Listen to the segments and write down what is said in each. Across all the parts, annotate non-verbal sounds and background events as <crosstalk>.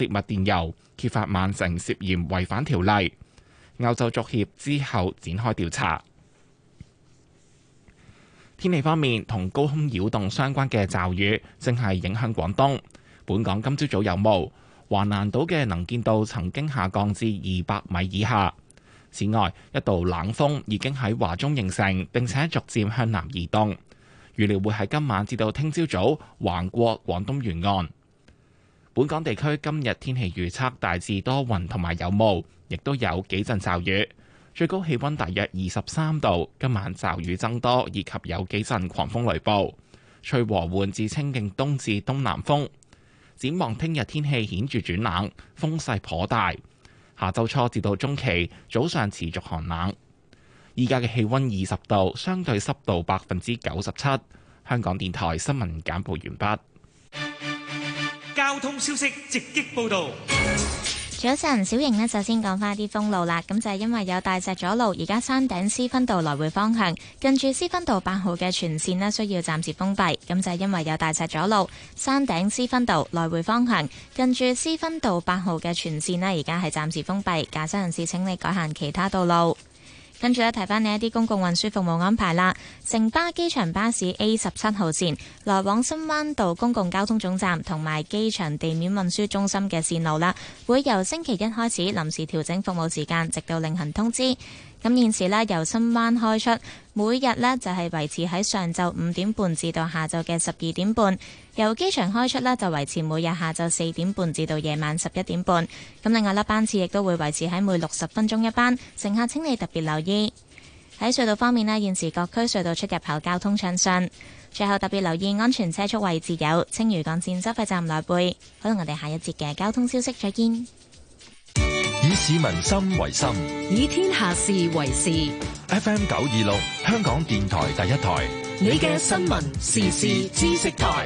食物電郵揭發曼城涉嫌違反條例，歐洲足協之後展開調查。天氣方面，同高空擾動相關嘅驟雨正係影響廣東。本港今朝早有霧，華南島嘅能見度曾經下降至二百米以下。此外，一道冷鋒已經喺華中形成，並且逐漸向南移動，預料會喺今晚至到聽朝早，早橫過廣東沿岸。本港地區今日天氣預測，大致多雲同埋有霧，亦都有幾陣驟雨，最高氣温大約二十三度。今晚驟雨增多，以及有幾陣狂風雷暴。吹和緩至清勁東至東南風。展望聽日天氣顯著轉冷，風勢頗大。下週初至到中期早上持續寒冷。依家嘅氣溫二十度，相對濕度百分之九十七。香港電台新聞簡報完畢。通消息直擊報道。早晨，小瑩，呢先就先講翻啲封路啦。咁就係因為有大石阻路，而家山頂施勳道來回方向近住施勳道八號嘅全線呢，需要暫時封閉。咁就係因為有大石阻路，山頂施勳道來回方向近住施勳道八號嘅全線呢，而家係暫時封閉。駕駛人士請你改行其他道路。跟住咧，提翻你一啲公共運輸服務安排啦。城巴機場巴士 A 十七號線來往深灣道公共交通總站同埋機場地面運輸中心嘅線路啦，會由星期一開始臨時調整服務時間，直到另行通知。咁現時呢，由新灣開出，每日呢就係維持喺上晝五點半至到下晝嘅十二點半；由機場開出呢，就維持每日下晝四點半至到夜晚十一點半。咁另外咧，班次亦都會維持喺每六十分鐘一班，乘客請你特別留意。喺隧道方面呢，現時各區隧道出入口交通暢順。最後特別留意安全車速位置，有青嶼幹線收費站內背。好，我哋下一節嘅交通消息再見。以市民心為心，以天下事為事。FM 九二六，香港電台第一台。你嘅新聞時事知識台，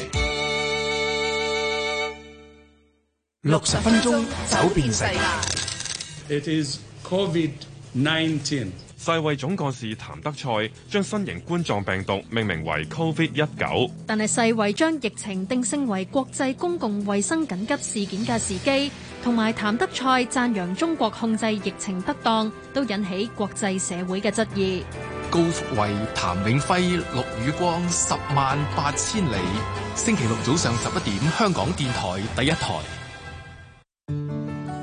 六十分鐘走遍世界。It is COVID 19. 世衛總幹事譚德賽將新型冠狀病毒命名為 Covid 一九。但係世衛將疫情定性為國際公共衛生緊急事件嘅時機，同埋譚德賽讚揚中國控制疫情得當，都引起國際社會嘅質疑。高福、衛譚永輝、陸宇光，十萬八千里。星期六早上十一點，香港電台第一台。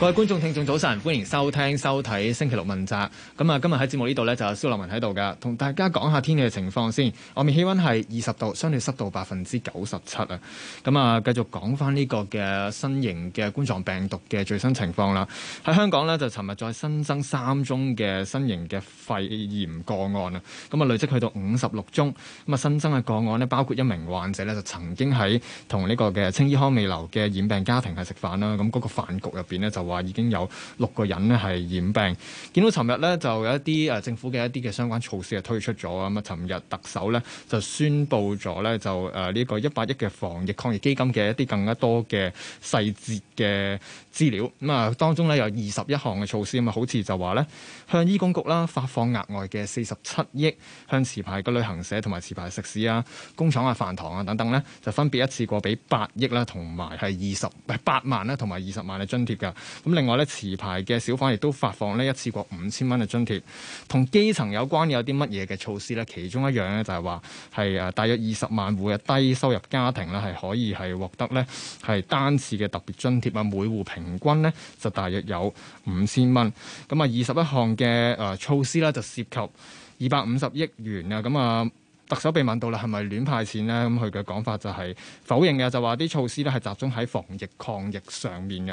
各位觀眾、聽眾早晨，歡迎收聽、收睇《星期六問責》。咁啊，今日喺節目呢度呢，就有蕭立文喺度噶，同大家講下天氣嘅情況先。外面氣温係二十度，相對濕度百分之九十七啊。咁啊，繼續講翻呢個嘅新型嘅冠狀病毒嘅最新情況啦。喺香港呢，就尋日再新增三宗嘅新型嘅肺炎個案啊。咁啊，累積去到五十六宗。咁啊，新增嘅個案呢，包括一名患者呢，就曾經喺同呢個嘅青衣康美樓嘅染病家庭係食飯啦。咁、那、嗰個飯局入邊呢，就～話已經有六個人咧係染病。見到尋日呢，就有一啲誒政府嘅一啲嘅相關措施係推出咗咁啊。尋、嗯、日特首呢，就宣布咗咧就誒呢、呃這個一百億嘅防疫抗疫基金嘅一啲更加多嘅細節嘅資料。咁、嗯、啊，當中呢，有二十一項嘅措施咁啊，嗯，好似就話呢，向醫管局啦發放額外嘅四十七億，向持牌嘅旅行社同埋持牌食肆啊、工廠啊、飯堂啊等等呢，就分別一次過俾八億啦，同埋係八萬啦，同埋二十萬嘅津貼㗎。咁另外咧，持牌嘅小販亦都發放呢一次過五千蚊嘅津貼，同基層有關有啲乜嘢嘅措施咧？其中一樣咧就係話係誒大約二十萬戶嘅低收入家庭咧，係可以係獲得咧係單次嘅特別津貼啊！每戶平均咧就大約有五千蚊。咁啊，二十一項嘅誒、呃、措施咧就涉及二百五十億元啊！咁啊。呃特首被問到啦，係咪亂派錢咧？咁佢嘅講法就係否認嘅，就話啲措施咧係集中喺防疫抗疫上面嘅。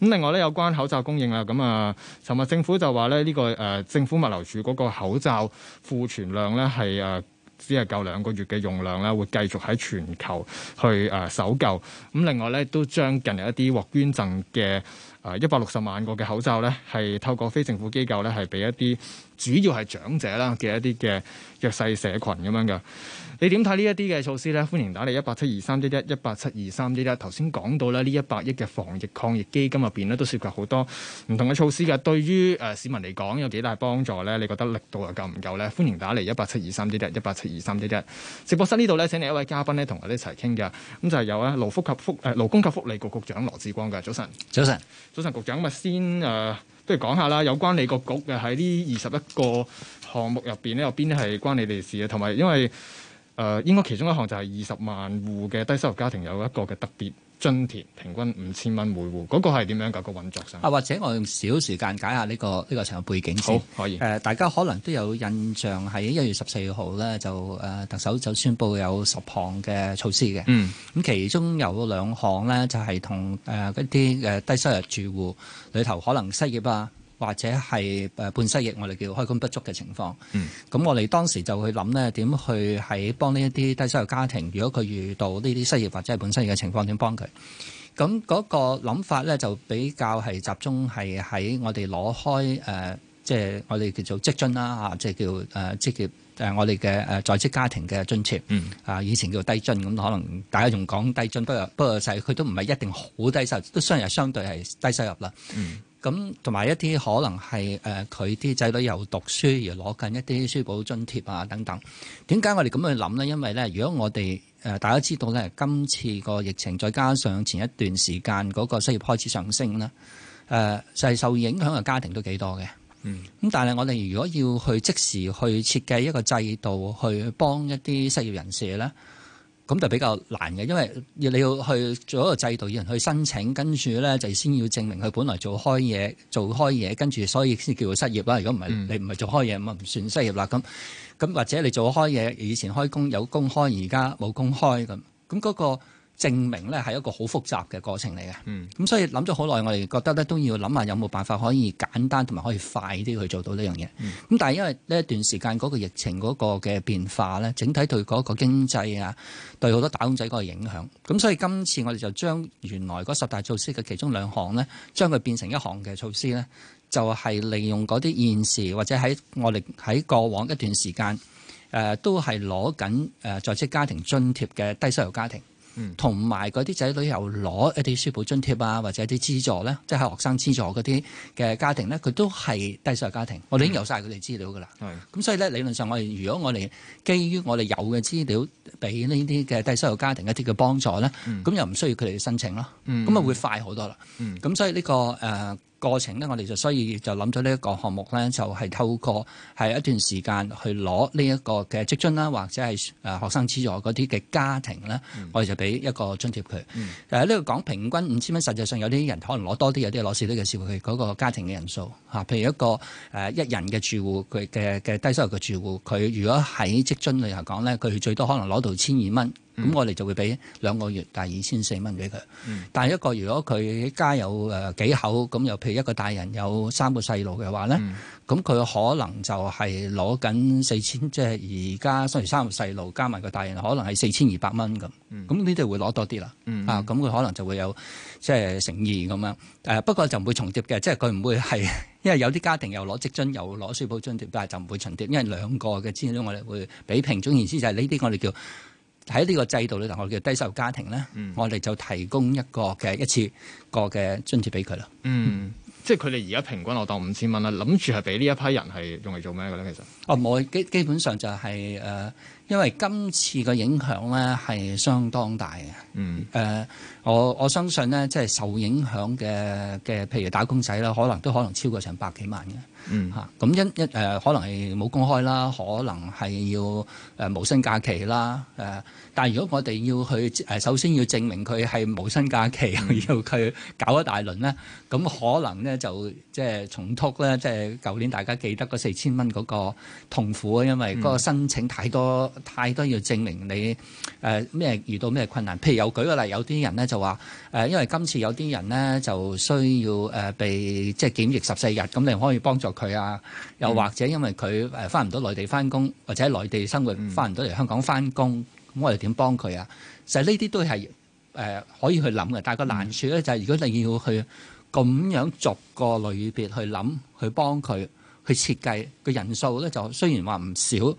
咁另外咧有關口罩供應啊，咁、嗯、啊，尋日政府就話咧呢、呢個誒、呃、政府物流處嗰個口罩庫存量咧係誒只係夠兩個月嘅用量啦，會繼續喺全球去誒搜購。咁、呃、另外咧都將近日一啲獲捐贈嘅，誒一百六十萬個嘅口罩咧，係透過非政府機構咧，係俾一啲主要係長者啦嘅一啲嘅弱勢社群咁樣嘅。你點睇呢一啲嘅措施咧？歡迎打嚟一八七二三一一一八七二三一一。頭先講到咧，呢一百億嘅防疫抗疫基金入邊咧，都涉及好多唔同嘅措施嘅。對於誒市民嚟講，有幾大幫助咧？你覺得力度又夠唔夠咧？歡迎打嚟一八七二三一一一八七二三一一。直播室呢度咧，請嚟一位嘉賓咧，同我哋一齊傾嘅。咁就係有咧勞福及福誒勞工及福利局局局長羅致光嘅。早晨，早晨。早晨，局長咁啊，先誒，不如講下啦，有關你個局嘅喺呢二十一個項目入邊咧，有邊啲係關你哋事啊？同埋因為誒、呃，應該其中一項就係二十萬戶嘅低收入家庭有一個嘅特別津貼平均五千蚊每戶，嗰、這個係點樣噶？個運作上啊，或者我用少時間解下呢、這個呢、這個整個背景先。好，可以。誒、呃，大家可能都有印象，喺一月十四號咧就誒、呃、特首就宣布有十項嘅措施嘅。嗯，咁其中有兩項咧就係同誒嗰啲誒低收入住戶裏頭可能失業啊，或者係誒半失業，我哋叫開工不足嘅情況。嗯，咁我哋當時就會去諗咧，點去喺幫呢一啲低收入家庭，如果佢遇到呢啲失業或者係半失業嘅情況，點幫佢？咁嗰個諗法咧，就比較係集中係喺我哋攞開誒，即、呃、係、就是、我哋叫做職津啦嚇，即、啊、係、就是、叫誒職業誒我哋嘅誒在職家庭嘅津貼。嗯，啊以前叫低津咁，可能大家仲講低津，不過不過就係，佢都唔係一定好低收入，都雖然係相對係低收入啦。嗯。咁同埋一啲可能係誒佢啲仔女又讀書而攞緊一啲書簿津貼啊等等，點解我哋咁去諗呢？因為呢，如果我哋誒大家知道呢，今次個疫情再加上前一段時間嗰個失業開始上升呢，誒就係受影響嘅家庭都幾多嘅。嗯，咁但係我哋如果要去即時去設計一個制度去幫一啲失業人士呢。咁就比較難嘅，因為要你要去做一個制度，要人去申請，跟住咧就先要證明佢本來做開嘢，做開嘢，跟住所以先叫做失業啦。如果唔係，你唔係做開嘢，咁、嗯、唔算失業啦。咁咁或者你做開嘢，以前開工有工開，而家冇工開咁，咁嗰、嗰個證明咧係一個好複雜嘅過程嚟嘅，咁、嗯、所以諗咗好耐，我哋覺得咧都要諗下有冇辦法可以簡單同埋可以快啲去做到呢樣嘢。咁、嗯、但係因為呢一段時間嗰個疫情嗰個嘅變化咧，整體對嗰個經濟啊，對好多打工仔嗰個影響咁，所以今次我哋就將原來嗰十大措施嘅其中兩項咧，將佢變成一項嘅措施咧，就係、是、利用嗰啲現時或者喺我哋喺過往一段時間誒、呃、都係攞緊誒在職家庭津貼嘅低收入家庭。同埋嗰啲仔女又攞一啲書簿津貼啊，或者啲資助咧，即係學生資助嗰啲嘅家庭咧，佢都係低收入家庭。嗯、我哋已經有晒佢哋資料噶啦。係是，咁所以咧理論上我哋如果我哋基於我哋有嘅資料，俾呢啲嘅低收入家庭一啲嘅幫助咧，咁又唔需要佢哋申請咯。咁啊、嗯、會快好多啦。咁、嗯嗯、所以呢、呢個誒。呃過程咧，我哋就所以就諗咗呢一個項目咧，就係、是、透過係一段時間去攞呢一個嘅職津啦，或者係誒學生資助嗰啲嘅家庭咧，我哋就俾一個津貼佢。誒呢個講平均五千蚊，實際上有啲人可能攞多啲，有啲攞少啲嘅，視乎佢嗰個家庭嘅人數嚇。譬如一個誒一人嘅住戶，佢嘅嘅低收入嘅住戶，佢如果喺職津裏頭講咧，佢最多可能攞到千二蚊。咁、嗯、我哋就會俾兩個月大二千四蚊俾佢，但係、嗯、一個如果佢家有誒幾口咁，又、呃、譬如一個大人有三個細路嘅話咧，咁佢、嗯、可能就係攞緊四千，即係而家雖然三個細路加埋個大人，可能係四千二百蚊咁。咁呢度會攞多啲啦，嗯、啊咁佢可能就會有即係誠意咁樣誒，不過就唔會重疊嘅，即係佢唔會係因為有啲家庭又攞積樽又攞書簿津貼，但係就唔會重疊，因為兩個嘅資料我哋會比平。總言之，就係呢啲我哋叫。喺呢個制度裏，我哋叫低收入家庭咧，嗯、我哋就提供一個嘅一次過嘅津貼俾佢啦。嗯，嗯即係佢哋而家平均落當五千蚊啦，諗住係俾呢一批人係用嚟做咩嘅咧？其實，哦，冇基基本上就係、是、誒。呃因為今次嘅影響咧係相當大嘅，嗯，誒、呃，我我相信咧，即係受影響嘅嘅，譬如打工仔啦，可能都可能超過成百幾萬嘅，嗯，嚇，咁一一誒，可能係冇工開啦，可能係要誒無薪假期啦，誒、呃，但係如果我哋要去誒，首先要證明佢係無薪假期，嗯、要佢搞一大輪咧，咁可能咧就即係重複咧，即係舊年大家記得嗰四千蚊嗰個痛苦啊，因為嗰個申請太多。嗯太多要證明你誒咩、呃、遇到咩困難？譬如有舉個例，有啲人咧就話誒、呃，因為今次有啲人咧就需要誒被、呃、即係檢疫十四日，咁你可，可以幫助佢啊？又或者因為佢誒翻唔到內地翻工，或者喺內地生活翻唔到嚟香港翻工，咁我哋點幫佢啊？就係呢啲都係誒、呃、可以去諗嘅，但係個難處咧就係、係，如果你要去咁樣逐個類別去諗去幫佢去設計個人數咧，就雖然話唔少。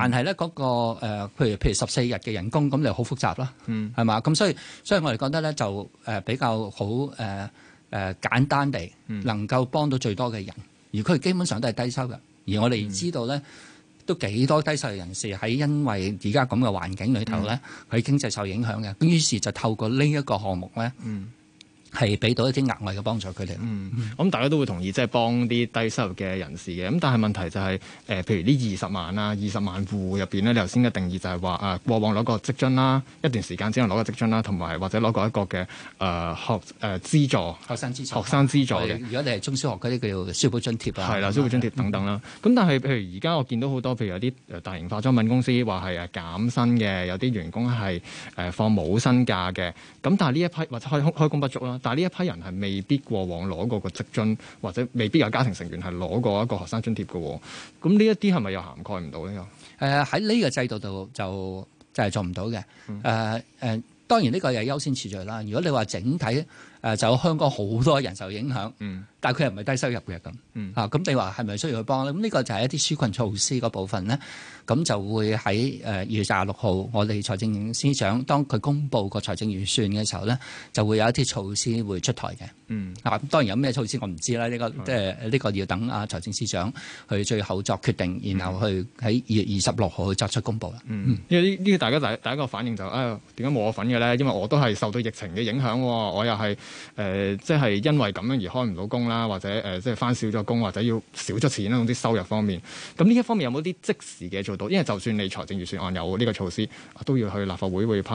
但係咧、那個，嗰、呃、個譬如譬如十四日嘅人工，咁就好複雜啦，係嘛、嗯？咁所以，所以我哋覺得咧，就誒比較好誒誒、呃、簡單地，能夠幫到最多嘅人。嗯、而佢基本上都係低收嘅，而我哋知道咧，嗯、都幾多低收入人士喺因為而家咁嘅環境裏頭咧，佢、嗯、經濟受影響嘅，於是就透過呢一個項目咧。嗯係俾到一啲額外嘅幫助佢哋。嗯，咁大家都會同意，即、就、係、是、幫啲低收入嘅人士嘅。咁但係問題就係、是，誒、呃，譬如呢二十萬啦，二十萬戶入邊咧，你頭先嘅定義就係話，誒、呃，過往攞過職津啦，一段時間之後攞過職津啦，同埋或者攞過一個嘅誒、呃、學誒、呃、資助學生資助學生資助嘅。如果你係中小學嗰啲，叫做書簿津貼啊，係啦，書簿津貼等等啦。咁、嗯、但係譬如而家我見到好多，譬如有啲誒大型化妝品公司話係減薪嘅，有啲員工係誒放冇薪假嘅。咁但係呢一批或者開工開工不足啦。但係呢一批人係未必過往攞過個職津，或者未必有家庭成員係攞過一個學生津貼嘅，咁呢一啲係咪又涵蓋唔到咧？誒喺呢個制度度就就係做唔到嘅。誒、呃、誒、呃，當然呢個又係優先次序啦。如果你話整體誒、呃、就香港好多人受影響。嗯但佢又唔係低收入嘅咁，嚇咁你話係咪需要去幫咧？咁呢個就係一啲紓困措施個部分咧。咁就會喺誒二月廿六號，我哋財政司長當佢公布個財政預算嘅時候咧，就會有一啲措施會出台嘅。嗯。啊，咁當然有咩措施我唔知啦。呢個即係呢個要等啊財政司長去最後作決定，然後去喺二月二十六號去作出公佈啦。嗯。因為呢呢個大家第第一個反應就誒點解冇我份嘅咧？因為我都係受到疫情嘅影響，我又係誒即係因為咁樣而開唔到工。啦，或者誒、呃，即係翻少咗工，或者要少咗錢啦，嗰啲收入方面。咁呢一方面有冇啲即時嘅做到？因為就算你財政預算案有呢個措施，都要去立法會會批，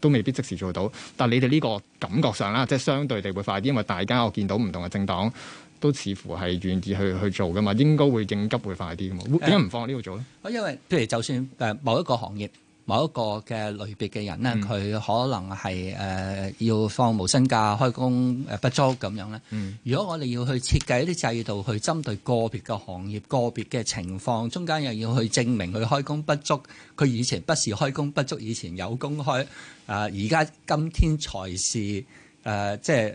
都未必即時做到。但係你哋呢個感覺上啦，即係相對地會快啲，因為大家我見到唔同嘅政黨都似乎係願意去去做㗎嘛，應該會應急會快啲㗎嘛。點解唔放喺呢度做咧？因為譬如就算誒某一個行業，某一個嘅類別嘅人咧，佢、嗯、可能係誒、呃、要放無薪假、開工不足咁樣咧。嗯、如果我哋要去設計一啲制度去針對個別嘅行業、個別嘅情況，中間又要去證明佢開工不足，佢以前不是開工不足，以前有工開啊，而、呃、家今天才是誒、呃，即係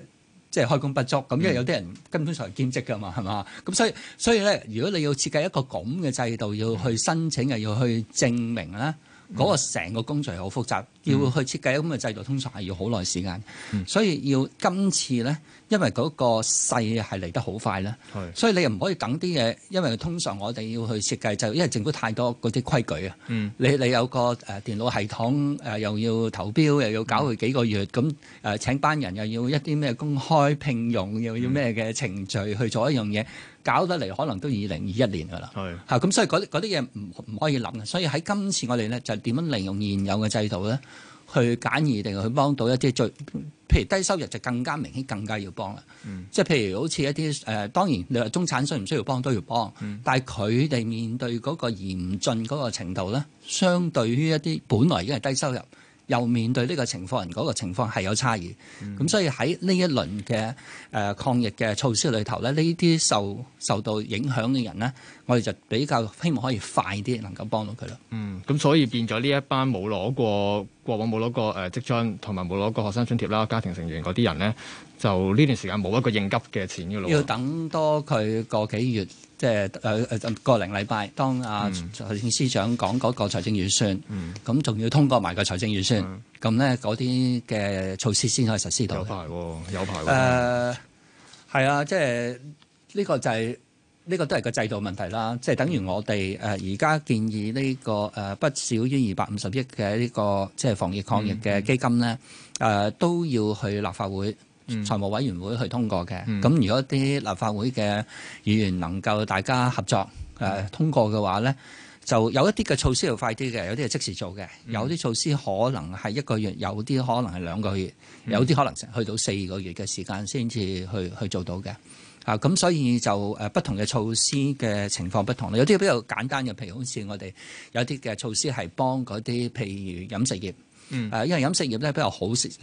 即係開工不足。咁、嗯、因為有啲人根本上係兼職㗎嘛，係嘛？咁所以所以咧，如果你要設計一個咁嘅制度，要去申請又要去證明咧。嗰個成個工序好複雜，嗯、要去設計咁嘅制度，通常係要好耐時間，嗯、所以要今次咧。因為嗰個勢係嚟得好快啦，是所以你又唔可以等啲嘢。因為通常我哋要去設計制度就因為政府太多嗰啲規矩啊。嗯、你你有個誒電腦系統誒、呃、又要投標，又要搞佢幾個月，咁、呃、誒請班人又要一啲咩公開聘用，又、嗯、要咩嘅程序去做一樣嘢，搞得嚟可能都二零二一年噶啦。嚇咁是所以嗰啲嘢唔唔可以諗啊。所以喺今次我哋咧就點、是、樣利用現有嘅制度咧？去簡易地去幫到一啲最，譬如低收入就更加明顯，更加要幫啦。嗯，即係譬如好似一啲誒、呃，當然你話中產需唔需要幫都要幫，嗯、但係佢哋面對嗰個嚴峻嗰個程度咧，相對於一啲本來已經係低收入。又面對呢個情況，人、這、嗰個情況係有差異。咁、嗯、所以喺呢一輪嘅誒抗疫嘅措施裏頭咧，呢啲受受到影響嘅人呢，我哋就比較希望可以快啲能夠幫到佢咯、嗯。嗯，咁所以變咗呢一班冇攞過，過往冇攞過誒職津，同埋冇攞過學生津貼啦，家庭成員嗰啲人呢，就呢段時間冇一個應急嘅錢嘅咯，要等多佢個幾月。即係誒誒個零禮拜，當啊財政司長講嗰個財政預算，咁仲、嗯、要通過埋個財政預算，咁咧嗰啲嘅措施先可以實施到有、哦。有排喎、哦，有排喎。誒係啊，即係呢、這個就係、係、呢、這個都係個制度問題啦。即係等於我哋誒而家建議呢、這個誒、呃、不少於二百五十億嘅呢個即係防疫抗疫嘅基金咧，誒、嗯嗯呃、都要去立法會。財務委員會去通過嘅，咁、嗯、如果啲立法會嘅議員能夠大家合作誒、嗯呃、通過嘅話咧，就有一啲嘅措施要快啲嘅，有啲係即時做嘅，嗯、有啲措施可能係一個月，有啲可能係兩個月，嗯、有啲可能成去到四個月嘅時間先至去去做到嘅。啊、呃，咁所以就誒不同嘅措施嘅情況不同啦，有啲比較簡單嘅，譬如好似我哋有啲嘅措施係幫嗰啲譬如飲食業。誒，嗯、因為飲食業咧比較好，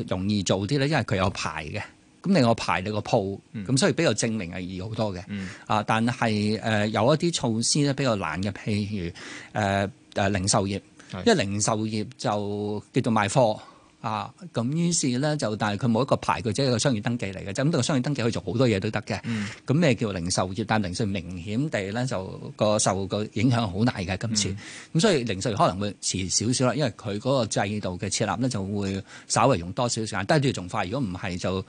容易做啲咧，因為佢有牌嘅，咁另外牌你個鋪，咁、嗯、所以比較證明係易好多嘅。啊、嗯，但係誒有一啲措施咧比較難嘅，譬如誒誒、呃呃、零售業，因為零售業就叫做賣貨。啊，咁於是咧就，但係佢冇一個牌，佢即係一個商業登記嚟嘅，即係咁多商業登記可以做好多嘢都得嘅。咁咩、嗯、叫零售業？但係零售業明顯地咧就個受個影響好大嘅今次。咁、嗯、所以零售業可能會遲少少啦，因為佢嗰個制度嘅設立咧就會稍為用多少時間。但係仲快，如果唔係就。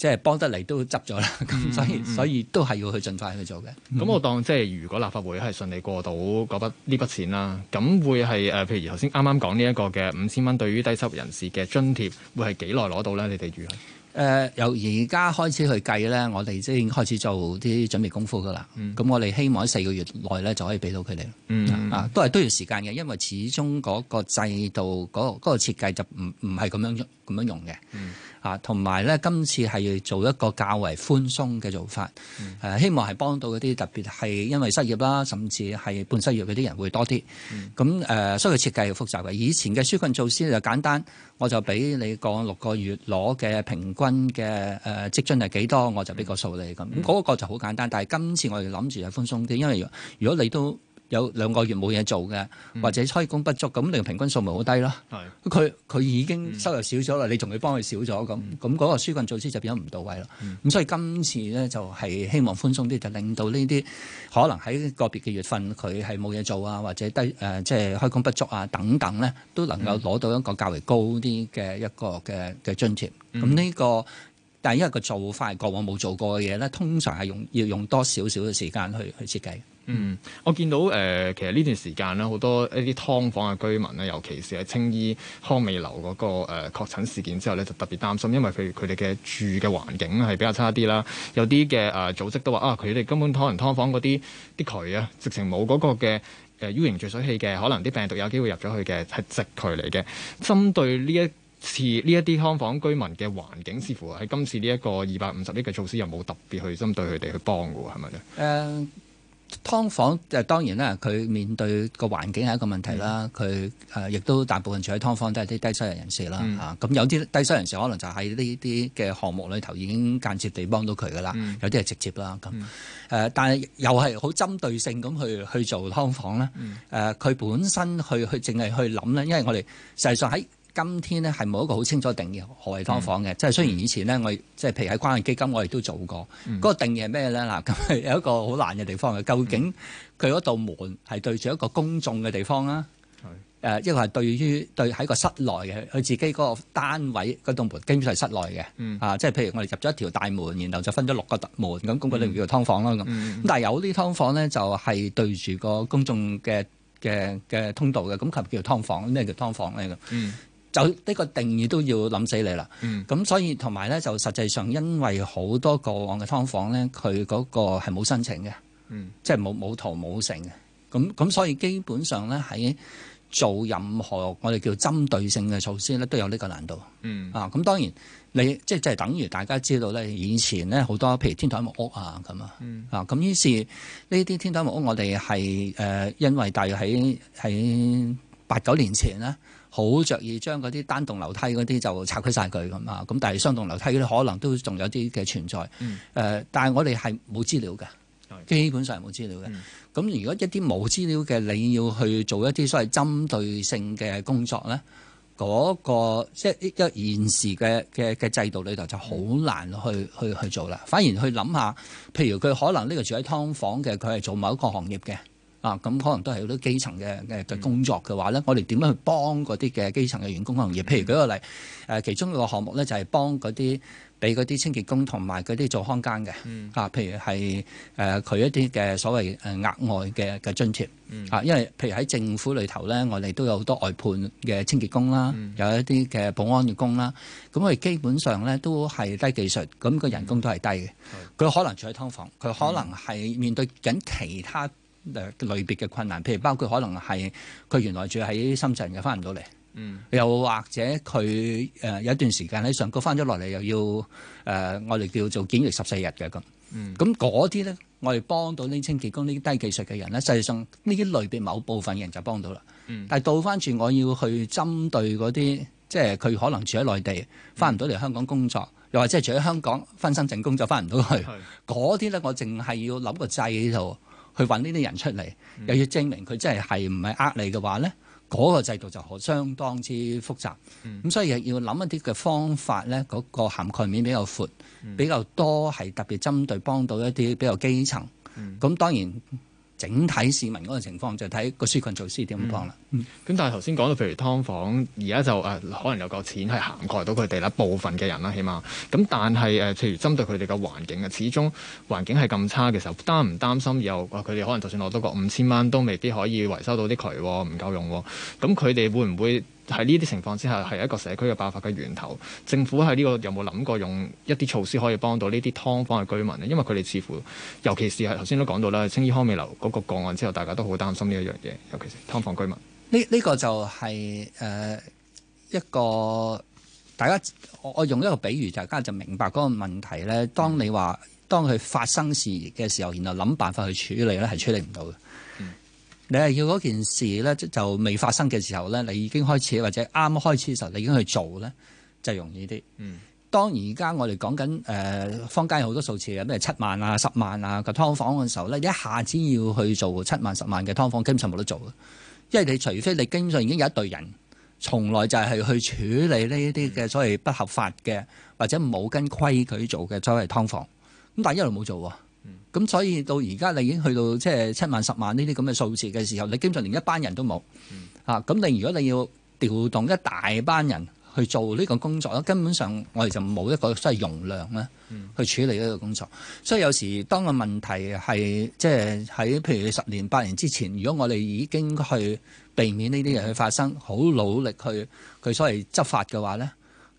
即係幫得嚟都執咗啦，咁、嗯嗯、 <laughs> 所以所以都係要去盡快去做嘅。咁、嗯、我當即係如果立法會係順利過到嗰呢筆錢啦，咁會係誒，譬如頭先啱啱講呢一個嘅五千蚊，5, 對於低收入人士嘅津貼會，會係幾耐攞到咧？你哋預？誒由而家開始去計咧，我哋已經開始做啲準備功夫噶啦。咁、嗯、我哋希望喺四個月內咧就可以俾到佢哋。嗯嗯、啊，都係都要時間嘅，因為始終嗰個制度嗰嗰、嗰個設計就唔唔係咁樣用咁樣用嘅。嗯啊，同埋咧，今次係做一個較為寬鬆嘅做法，誒、嗯呃、希望係幫到嗰啲特別係因為失業啦，甚至係半失業嗰啲人會多啲。咁誒、嗯嗯呃，所以設計係複雜嘅。以前嘅紓困措施就簡單，我就俾你講六個月攞嘅平均嘅誒、呃、積金係幾多，我就俾個數你咁。嗰、嗯、個就好簡單，但係今次我哋諗住係寬鬆啲，因為如果你都，有兩個月冇嘢做嘅，或者開工不足，咁你平均數咪好低咯。佢佢、嗯、已經收入少咗啦，嗯、你仲要幫佢少咗咁，咁嗰個紓困措施就變咗唔到位啦。咁、嗯、所以今次咧就係、是、希望寬鬆啲，就令到呢啲可能喺個別嘅月份佢係冇嘢做啊，或者低誒即係開工不足啊等等咧，都能夠攞到一個較為高啲嘅一個嘅嘅津貼。咁呢、嗯這個但因為個做法係過往冇做過嘅嘢咧，通常係用要用多少少嘅時間去去設計。嗯，我見到誒、呃，其實呢段時間咧，好多一啲劏房嘅居民咧，尤其是喺青衣康美樓嗰、那個誒、呃、確診事件之後呢就特別擔心，因為譬如佢哋嘅住嘅環境係比較差啲啦。有啲嘅誒組織都話啊，佢哋根本可能劏房嗰啲啲渠啊，直情冇嗰個嘅誒、呃、U 型聚水器嘅，可能啲病毒有機會入咗去嘅，係直渠嚟嘅。針對呢一次呢一啲劏房居民嘅環境，似乎喺今次呢一個二百五十億嘅措施又冇特別去針對佢哋去幫嘅喎，係咪咧？誒、uh。劏房誒當然啦，佢面對個環境係一個問題啦。佢誒亦都大部分住喺劏房都係啲低收入人士啦吓。咁、嗯、有啲低收入人士可能就喺呢啲嘅項目裏頭已經間接地幫到佢㗎喇。嗯、有啲係直接啦，咁誒，嗯、但係又係好針對性咁去去做劏房咧。誒、嗯，佢本身去去淨係去諗咧，因為我哋實際上喺。今天呢，係冇一個好清楚定義何謂劏房嘅，嗯、即係雖然以前呢，我即係譬如喺關愛基金我亦都做過，嗰、嗯、個定義係咩咧？嗱，咁係有一個好難嘅地方嘅，究竟佢嗰道門係對住一個公眾嘅地方啦？誒是，一個係對於對喺個室內嘅，佢自己嗰個單位嗰道門基本上係室內嘅，嗯、啊，即係譬如我哋入咗一條大門，然後就分咗六個門咁，咁嗰啲叫做劏房啦咁。咁但係有啲劏房咧就係對住個公眾嘅嘅嘅通道嘅，咁其實叫做劏房，咩、嗯嗯、叫劏房咧咁？呢就呢個定義都要諗死你啦。咁、嗯、所以同埋咧，就實際上因為好多過往嘅劏房咧，佢嗰個係冇申請嘅，嗯、即係冇冇圖冇成嘅。咁咁所以基本上咧，喺做任何我哋叫針對性嘅措施咧，都有呢個難度。嗯、啊，咁當然你即係即係等於大家知道咧，以前咧好多譬如天台木屋啊咁、嗯、啊。啊咁於是呢啲天台木屋我，我哋係誒因為大約喺喺八九年前咧。好着意將嗰啲單棟樓梯嗰啲就拆佢晒佢咁啊！咁但係雙棟樓梯啲可能都仲有啲嘅存在。誒、嗯呃，但係我哋係冇資料嘅，嗯、基本上係冇資料嘅。咁、嗯、如果一啲冇資料嘅，你要去做一啲所謂針對性嘅工作咧，嗰、嗰個即係一現時嘅嘅嘅制度裏頭就好難去去、嗯、去做啦。反而去諗下，譬如佢可能呢個住喺㓥房嘅，佢係做某一個行業嘅。啊，咁可能都係好多基層嘅嘅嘅工作嘅話咧，嗯、我哋點樣去幫嗰啲嘅基層嘅員工行業？嗯、譬如舉個例，誒、呃、其中一個項目咧就係幫嗰啲俾嗰啲清潔工同埋嗰啲做看更嘅啊。譬如係誒佢一啲嘅所謂誒額外嘅嘅津貼啊，因為譬如喺政府裏頭咧，我哋都有好多外判嘅清潔工啦，嗯、有一啲嘅保安嘅工啦，咁我哋基本上咧都係低技術，咁個人工都係低嘅。佢、嗯、可能住喺劏房，佢可能係面對緊其他。誒類別嘅困難，譬如包括可能係佢原來住喺深圳嘅，翻唔到嚟；嗯、又或者佢誒、呃、有一段時間喺上高翻咗落嚟，又要誒、呃、我哋叫做檢疫十四日嘅咁。咁嗰啲咧，我哋幫到啲清潔工、啲低技術嘅人咧，實際上呢啲類別某部分嘅人就幫到啦。但係倒翻轉，我要去針對嗰啲，即係佢可能住喺內地，翻唔到嚟香港工作，又或者住喺香港翻深圳工作翻唔到去。嗰啲咧，我淨係要諗個制喺度。去揾呢啲人出嚟，嗯、又要證明佢真係係唔係呃你嘅話咧，嗰、嗰個制度就可相當之複雜。咁、嗯、所以亦要諗一啲嘅方法咧，嗰、嗰個涵蓋面比較闊，嗯、比較多係特別針對幫到一啲比較基層。咁、嗯、當然。整體市民嗰個情況就睇個紓困措施點樣講啦。咁、嗯、但係頭先講到，譬如劏房，而家就誒、呃、可能有個錢係涵蓋到佢哋啦，部分嘅人啦，起碼。咁但係誒、呃，譬如針對佢哋嘅環境啊，始終環境係咁差嘅時候，擔唔擔心以後啊？佢哋可能就算攞多個五千蚊，都未必可以維修到啲渠喎，唔夠用喎。咁佢哋會唔會？喺呢啲情況之下，係一個社區嘅爆發嘅源頭。政府喺呢、這個有冇諗過用一啲措施可以幫到呢啲劏房嘅居民咧？因為佢哋似乎，尤其是係頭先都講到啦，青衣康美樓嗰個個案之後，大家都好擔心呢一樣嘢，尤其是㓥房居民。呢呢、這個就係、是、誒、呃、一個大家，我用一個比喻，大家就明白嗰個問題咧。當你話當佢發生事嘅時候，然後諗辦法去處理呢，係處理唔到嘅。你係要嗰件事咧，就未發生嘅時候咧，你已經開始，或者啱開始嘅時候，你已經去做咧，就容易啲。嗯，當而家我哋講緊誒坊間有好多數字，有咩七萬啊、十萬啊嘅劏房嘅時候咧，一下子要去做七萬、十萬嘅劏房，基本上冇得做嘅，因為你除非你基本上已經有一隊人，從來就係去處理呢啲嘅所謂不合法嘅或者冇跟規矩做嘅所謂劏房，咁但係一路冇做喎。咁所以到而家你已經去到即係七萬十萬呢啲咁嘅數字嘅時候，你基本上連一班人都冇、嗯、啊！咁你如果你要調動一大班人去做呢個工作咧，根本上我哋就冇一個即係容量咧去處理呢個工作。嗯、所以有時當個問題係即係喺譬如十年八年之前，如果我哋已經去避免呢啲嘢去發生，好、嗯、努力去佢所謂執法嘅話咧，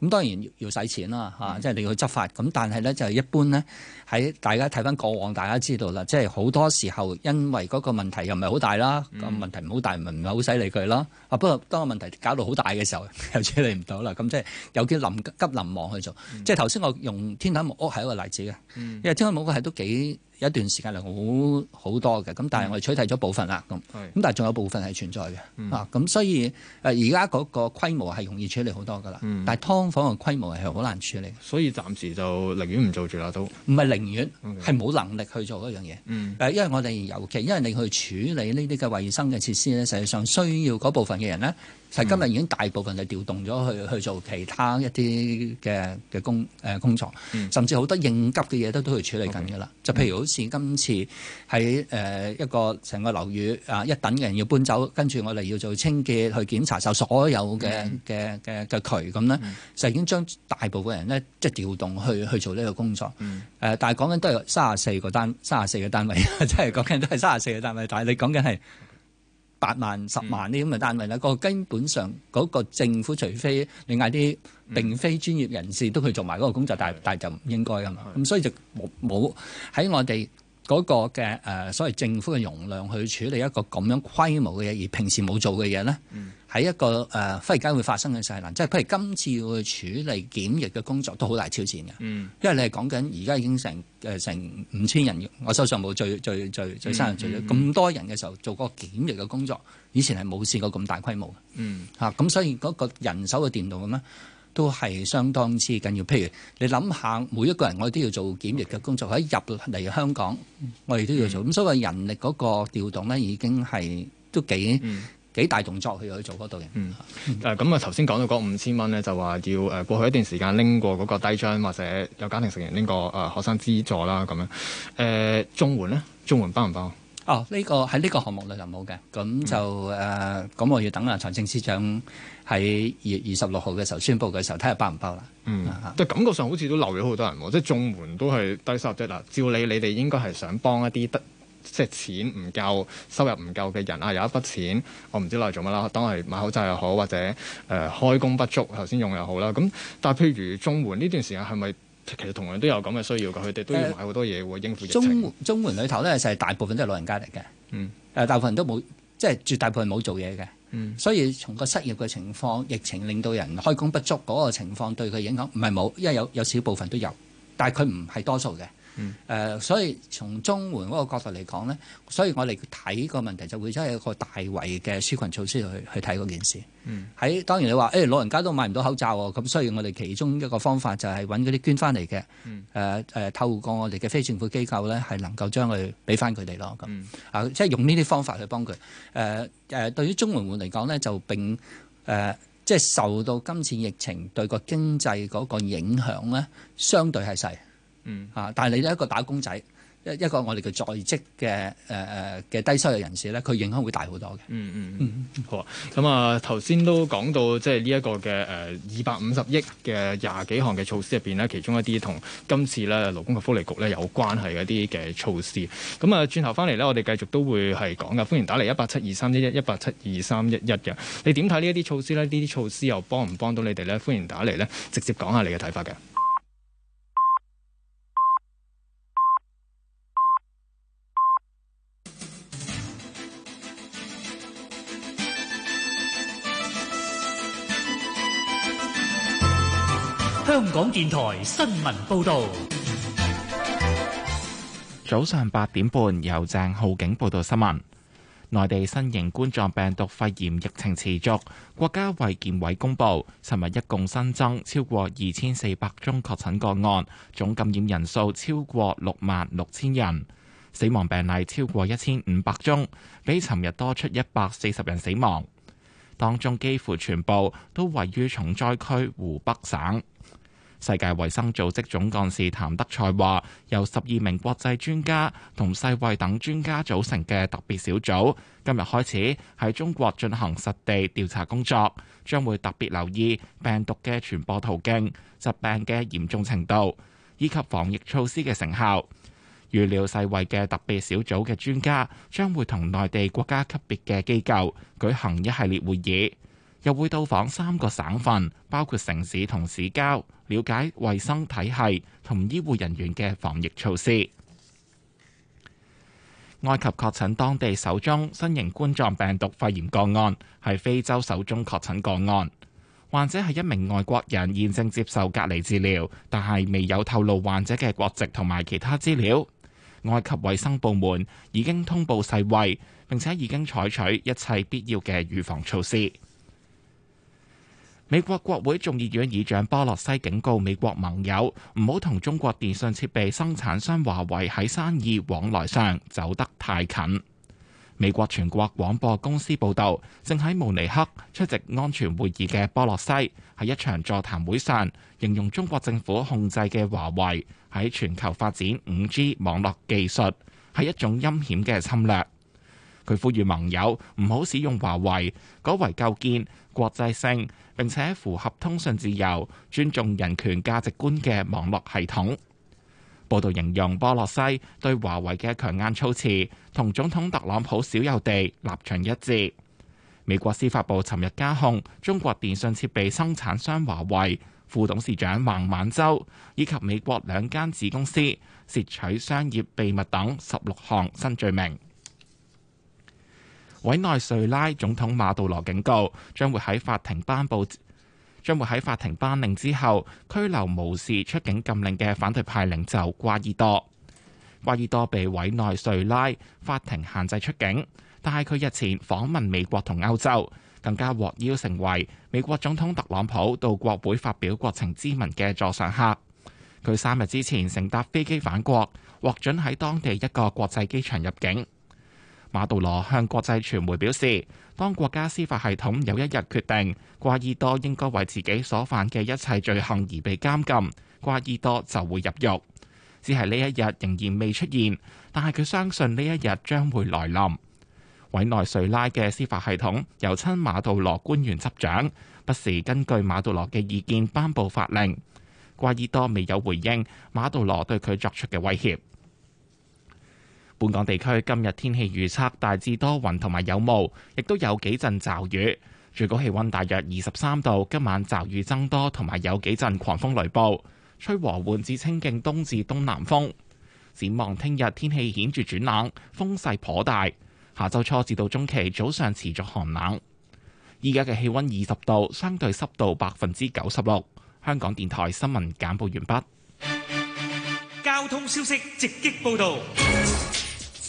咁當然要使錢啦嚇，即、啊、係、就是、你要去執法。咁但係咧就係、是、一般咧。喺大家睇翻過往，大家知道啦，即係好多時候因為嗰個問題又唔係好大啦，個、嗯、問題唔好大唔係唔係好使理佢啦。啊不過、嗯、當個問題搞到好大嘅時候， <laughs> 又處理唔到啦。咁即係又叫臨急臨忙去做。嗯、即係頭先我用天台木屋係一個例子嘅，嗯、因為天台木屋係都幾一段時間嚟好好多嘅。咁但係我哋取締咗部分啦，咁咁、嗯、但係仲有部分係存在嘅。咁、嗯啊、所以誒而家嗰個規模係容易處理好多噶啦，嗯、但係劏房嘅規模係好難處理。所以暫時就寧願唔做住啦都。唔係寧願係冇能力去做一樣嘢。嗯，誒，因為我哋尤其，因為你去處理呢啲嘅衛生嘅設施咧，實際上需要嗰部分嘅人咧。就今日已經大部分就調動咗去去做其他一啲嘅嘅工誒、呃、工作，甚至好多應急嘅嘢都都去處理緊㗎啦。Okay. 就譬如好似今次喺誒一個成個樓宇啊一等嘅人要搬走，跟住我哋要做清潔去檢查，晒所有嘅嘅嘅嘅渠咁咧，就已經將大部分人咧即係調動去去做呢個工作。誒、嗯呃，但係講緊都係三十四個單，三十四個單位啊，即係講緊都係三十四個單位，但係你講緊係，八萬十萬呢咁嘅單位咧，嗯、個根本上嗰個政府，除非你嗌啲並非專業人士都去做埋嗰個工作，嗯、但係的但係就唔應該㗎嘛，咁的的所以就冇冇喺我哋。嗰個嘅誒、呃，所謂政府嘅容量去處理一個咁樣規模嘅嘢，而平時冇做嘅嘢咧，喺、嗯、一個誒忽然間會發生嘅災難，即係譬如今次要去處理檢疫嘅工作都好大超戰嘅，嗯、因為你係講緊而家已經成誒、呃、成五千人，我手上冇最最最最三人最咁多人嘅時候做嗰個檢疫嘅工作，以前係冇試過咁大規模嘅嚇，咁所以嗰個人手嘅電動咧。都係相當之緊要。譬如你諗下，每一個人我哋都要做檢疫嘅工作，喺入嚟香港，我哋都要做。咁所謂人力嗰個調動咧，已經係都幾幾大動作去去做嗰度嘅。誒咁啊，頭先講到講五千蚊咧，就話要誒過去一段時間拎過嗰個低津，或者有家庭成員拎過誒學生資助啦咁樣。誒綜援咧，綜援包唔包？哦，呢個喺呢個項目裡就冇嘅。咁就誒咁，我要等啊財政司長，喺二月二十六號嘅時候宣布嘅時候，睇下包唔包啦。嗯，嗯，但感覺上好似都漏咗好多人，即係綜援都係低收入啲啦。照理你哋應該係想幫一啲得即係錢唔夠、收入唔夠嘅人啊，有一筆錢，我唔知攞嚟做乜啦，當係買口罩又好，或者誒、呃、開工不足頭先用又好啦。咁但係譬如綜援呢段時間係咪其實同樣都有咁嘅需要㗎？佢哋都要買好多嘢喎，應付疫情。綜綜援裏頭咧就係、是、大部分都係老人家嚟嘅。嗯。誒，大部分都冇，即、就、係、是、絕大部分冇做嘢嘅。所以從個失業嘅情況、疫情令到人開工不足嗰個情況對佢影響唔係冇，因為有有少部分都有，但係佢唔係多數嘅。嗯，誒、呃，所以從中環嗰個角度嚟講咧，所以我哋睇個問題就會真係一個大圍嘅紓困措施去去睇嗰件事。嗯，喺當然你話誒、欸、老人家都買唔到口罩喎，咁所以我哋其中一個方法就係揾嗰啲捐翻嚟嘅，誒誒、嗯呃呃，透過我哋嘅非政府機構咧，係能夠將佢俾翻佢哋咯。咁啊，即係用呢啲方法去幫佢。誒、呃、誒，對於中環嚟講咧，就並誒，即、呃、係、呃呃呃、受到今次疫情對個經濟嗰個影響咧，相對係細。嗯，嚇！但係你呢一個打工仔，一一個我哋嘅在職嘅誒誒嘅低收入人士咧，佢影響會大好多嘅、嗯。嗯嗯嗯， <noise> 好啊！咁、嗯、啊，頭先都講到即係呢一個嘅誒二百五十億嘅廿幾項嘅措施入邊呢，其中一啲同今次咧勞工及福利局咧有關係嘅一啲嘅措施。咁、嗯、啊，轉頭翻嚟咧，我哋繼續都會係講噶。歡迎打嚟一八七二三一一一八七二三一一嘅。你點睇呢一啲措施呢？呢啲措施又幫唔幫到你哋咧？歡迎打嚟咧，直接講下你嘅睇法嘅。香港電台新聞報道，早上八點半由鄭浩景報道新聞。內地新型冠狀病毒肺炎疫情持續，國家衛健委公布，尋日一共新增超過二千四百宗確診個案，總感染人數超過六萬六千人，死亡病例超過一千五百宗，比尋日多出一百四十人死亡。當中幾乎全部都位於重災區湖北省。世界衛生組織總幹事譚德塞話，由十二名國際專家同世衛等專家組成嘅特別小組今日開始喺中國進行實地調查工作，將會特別留意病毒嘅傳播途徑、疾病嘅嚴重程度、以及防疫措施嘅成效。預料世衛嘅特別小組嘅專家將會同內地國家級別嘅機構舉行一系列會議，又會到訪三個省份，包括城市同市郊。了解衛生體系同醫護人員嘅防疫措施。埃及確診當地首宗新型冠狀病毒肺炎個案，係非洲首宗確診個案。患者係一名外國人，現正接受隔離治療，但係未有透露患者嘅國籍同埋其他資料。埃及衛生部門已經通報世衛，並且已經採取一切必要嘅預防措施。美國國會眾議院議長波洛西警告美國盟友唔好同中國電信設備生產商華為喺生意往來上走得太近。美國全國廣播公司報道，正喺慕尼黑出席安全會議嘅波洛西喺一場座談會上形容，中國政府控制嘅華為喺全球發展五 G 網絡技術係一種陰險嘅侵略。佢呼籲盟友唔好使用華為，改為構建國際性並且符合通訊自由、尊重人權價值觀嘅網絡系統。報道形容波洛西對華為嘅強硬措辭，同總統特朗普少有地立場一致。美國司法部尋日加控中國電信設備生產商華為副董事長孟晚舟以及美國兩間子公司，竊取商業秘密等十六項新罪名。委內瑞拉總統馬杜羅警告，將會喺法庭頒布將會喺法庭頒令之後，拘留無視出境禁令嘅反對派領袖瓜爾多。瓜爾多被委內瑞拉法庭限制出境，但係佢日前訪問美國同歐洲，更加獲邀成為美國總統特朗普到國會發表國情咨文嘅座上客。佢三日之前乘搭飛機返國，獲准喺當地一個國際機場入境。馬杜羅向國際傳媒表示，當國家司法系統有一日決定瓜伊多應該為自己所犯嘅一切罪行而被監禁，瓜伊多就會入獄。只係呢一日仍然未出現，但係佢相信呢一日將會來臨。委內瑞拉嘅司法系統由親馬杜羅官員執掌，不時根據馬杜羅嘅意見頒布法令。瓜伊多未有回應馬杜羅對佢作出嘅威脅。本港地區今日天氣預測，大致多雲同埋有霧，亦都有幾陣驟雨，最高氣溫大約二十三度。今晚驟雨增多，同埋有幾陣狂風雷暴，吹和緩至清勁東至東南風。展望聽日天氣顯著轉冷，風勢頗大。下周初至到中期早上持續寒冷。依家嘅氣溫二十度，相對濕度百分之九十六。香港電台新聞簡報完畢。交通消息直擊報道。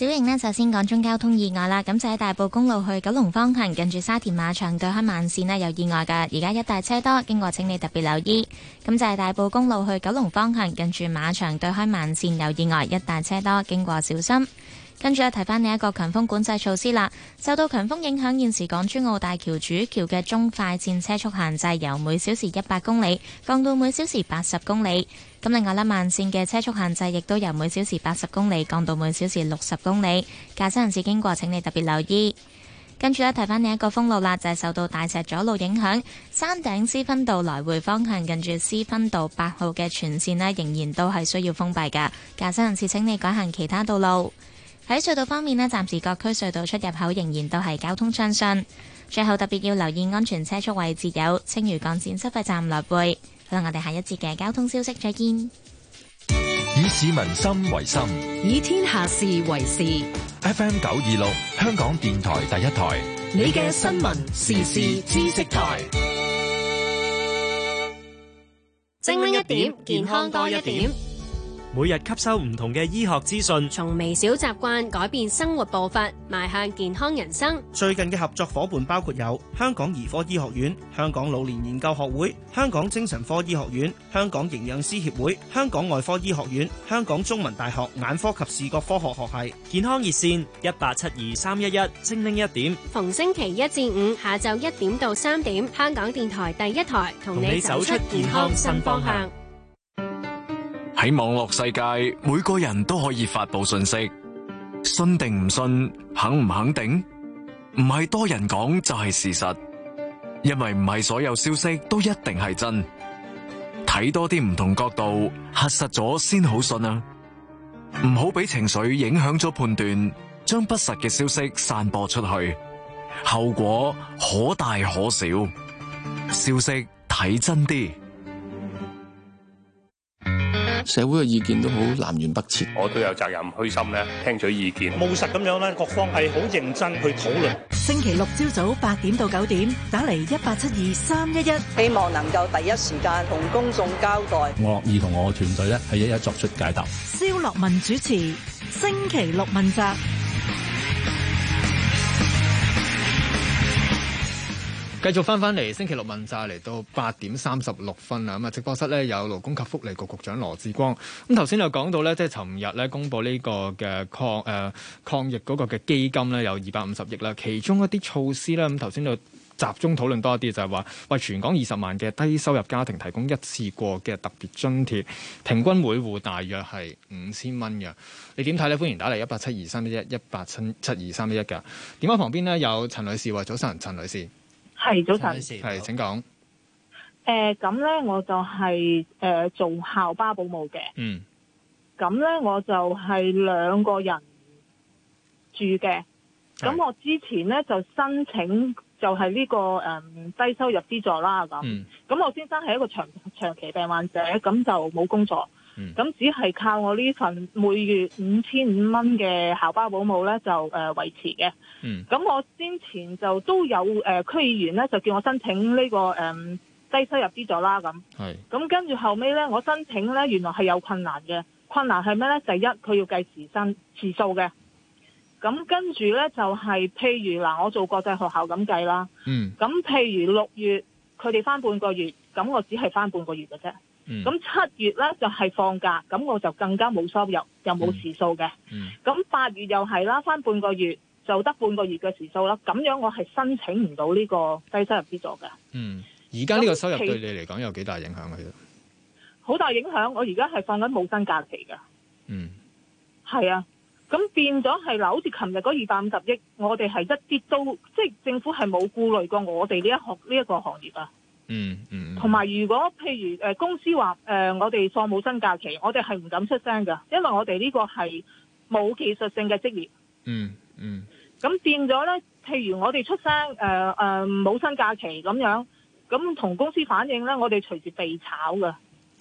小穎呢，就先講中交通意外啦。咁就喺大埔公路去九龍方向，近住沙田馬場對開慢線呢，有意外嘅，而家一大車多，經過請你特別留意。咁就係大埔公路去九龍方向，近住馬場對開慢線有意外，一大車多，經過小心。跟住咧，提翻你一個強風管制措施啦。受到強風影響，現時港珠澳大橋主橋嘅中快線車速限制由每小時一百公里降到每小時八十公里。咁另外啦，慢線嘅車速限制亦都由每小時八十公里降到每小時六十公里。駕駛人士經過請你特別留意。跟住咧，睇翻另一個封路啦，就係、是、受到大石阻路影響，山頂施勳道來回方向，近住施勳道八號嘅全線咧，仍然都係需要封閉噶，駕駛人士請你改行其他道路。喺隧道方面咧，暫時各區隧道出入口仍然都係交通暢順，最後特別要留意安全車速位置有青嶼幹線收費站來回。等我哋下一節嘅交通消息再見。以市民心為心，以天下事為事。F M 九二六，香港電台第一台，你嘅新聞時事知識台，精明一點，健康多一點。每日吸收唔同嘅醫學資訊，從微小習慣改變生活步伐，邁向健康人生。最近嘅合作夥伴包括有香港兒科醫學院、香港老年研究學會、香港精神科醫學院、香港營養師協會、香港外科醫學院、香港中文大學眼科及視覺科學學系。健康熱線一八七二三一一精靈，一點，逢星期一至五下晝一點到三點，香港電台第一台同你走出健康新方向。喺網絡世界，每個人都可以發布信息，信定唔信，肯唔肯定？唔係多人講就係事實，因為唔係所有消息都一定係真，睇多啲唔同角度，核實咗先好信啊！唔好俾情緒影響咗判斷，將不實嘅消息散播出去，後果可大可小，消息睇真啲。社會嘅意見都好南轅北轍，我都有責任虛心咧聽取意見，務實咁樣咧，各方係好認真去討論。星期六朝早八點到九點，打嚟一八七二三一一，希望能夠第一時間同公眾交代。我樂意同我嘅團隊咧，係一一作出解答。蕭樂文主持星期六問責。繼續翻翻嚟星期六問就嚟到八點三十六分啊！咁、嗯、啊，直播室呢有勞工及福利局局長羅致光。咁頭先就講到呢，即係尋日呢公佈呢個嘅抗誒、呃、抗疫嗰個嘅基金呢，有二百五十億啦。其中一啲措施呢，咁頭先就集中討論多一啲，就係話為全港二十萬嘅低收入家庭提供一次過嘅特別津貼，平均每戶大約係五千蚊嘅。你點睇呢？歡迎打嚟一八七二三一一一八七二三一一嘅電話旁邊呢有陳女士話：或早晨，陳女士。係早晨，係請講。誒、呃，咁咧我就係、是、誒、呃、做校巴保姆嘅。嗯，咁咧我就係兩個人住嘅。咁的我之前咧就申請就係呢、這個誒、呃、低收入資助啦。咁，咁、嗯、我先生係一個長長期病患者，咁就冇工作。咁、嗯、只係靠我呢份每月五千五蚊嘅校巴保姆咧就誒維、呃、持嘅。嗯。咁我先前就都有誒區、呃、議員咧就叫我申請呢、這個誒、呃、低收入資助啦咁。係。咁是跟住後尾咧，我申請咧原來係有困難嘅。困難係咩咧？第一佢要計時薪時數嘅。咁跟住咧就係、是、譬如嗱，我做國際學校咁計啦。嗯。咁譬如六月佢哋返半個月，咁我只係返半個月嘅啫。咁、嗯、七月咧就係、是、放假，咁我就更加冇收入，又冇時數嘅。咁、嗯嗯、八月又係啦，翻半個月就得半個月嘅時數啦。咁樣我係申請唔到呢個低收入資助嘅。嗯，而家呢個收入對你嚟講有幾大影響嘅？其實好大影響，我而家係放緊冇薪假期嘅。嗯，係啊，咁變咗係嗱，好似琴日嗰二百五十億，我哋係一啲都即係、就是、政府係冇顧慮過我哋呢一行呢一個行業啊。嗯嗯，同埋如果譬如誒公司話誒我哋放冇薪假期，我哋係唔敢出聲嘅，因為我哋呢個係冇技術性嘅職業。嗯嗯，咁變咗咧，譬如我哋出聲誒誒冇薪假期咁樣，咁同公司反映咧，我哋隨時被炒噶。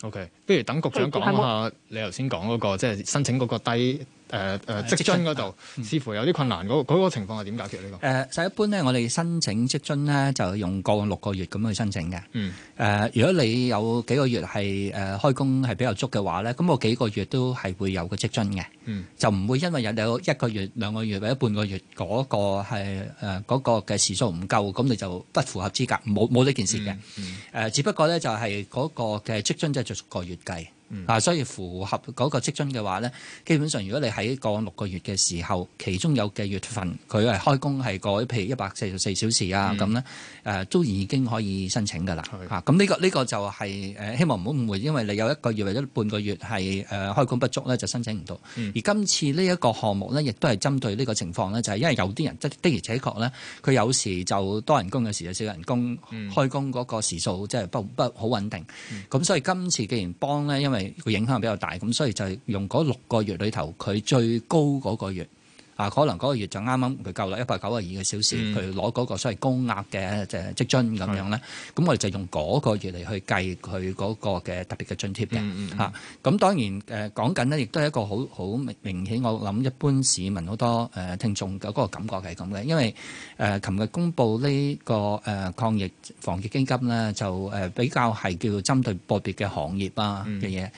OK，不如等局長講下你頭先講嗰個，即係申請嗰個低。誒誒職津嗰度似乎有啲困難，嗰、嗯、個情況係點解決呢個？誒，實一般咧，我哋申請職津咧就用過往六個月咁去申請嘅。嗯。誒，如果你有幾個月係誒開工係比較足嘅話咧，咁我幾個月都係會有個職津嘅。嗯、就唔會因為有你有一個月、兩個月或者半個月嗰、那個係誒嗰個嘅時數唔夠，咁你就不符合資格，冇冇呢件事嘅。嗯。嗯、只不過咧就係嗰個嘅職津即係逐個月計。啊，嗯、所以符合嗰個職津嘅話咧，基本上如果你喺過往六個月嘅時候，其中有嘅月份佢係開工係過，譬如一百四十四小時啊，咁咧誒都已經可以申請㗎喇。嚇是的、啊、咁、這、呢個呢、這個就係、是、誒希望唔好誤會，因為你有一個月或者半個月係誒、呃、開工不足咧，就申請唔到。而今次呢一個項目咧，亦都係針對呢個情況咧，就係、是、因為有啲人的的而且確咧，佢有時就多人工有時就少人工，嗯、開工嗰個時數即係不不好穩定。咁、嗯嗯、所以今次既然幫咧，因為個影響比較大，咁所以就係用嗰六個月裏頭，佢最高嗰個月。啊，可能嗰個月就啱啱佢夠啦，一百九十二個小時，佢攞嗰個所謂高額嘅誒積津咁樣咧，咁我哋就用嗰個月嚟去計佢嗰個嘅特別嘅津貼嘅嚇。咁當然誒講緊咧，亦都係一個好好明顯，我諗一般市民好多誒聽眾嘅嗰個感覺係咁嘅，因為誒琴日公布呢個誒抗疫防疫基金咧，就誒比較係叫針對個別嘅行業啊嘅嘢。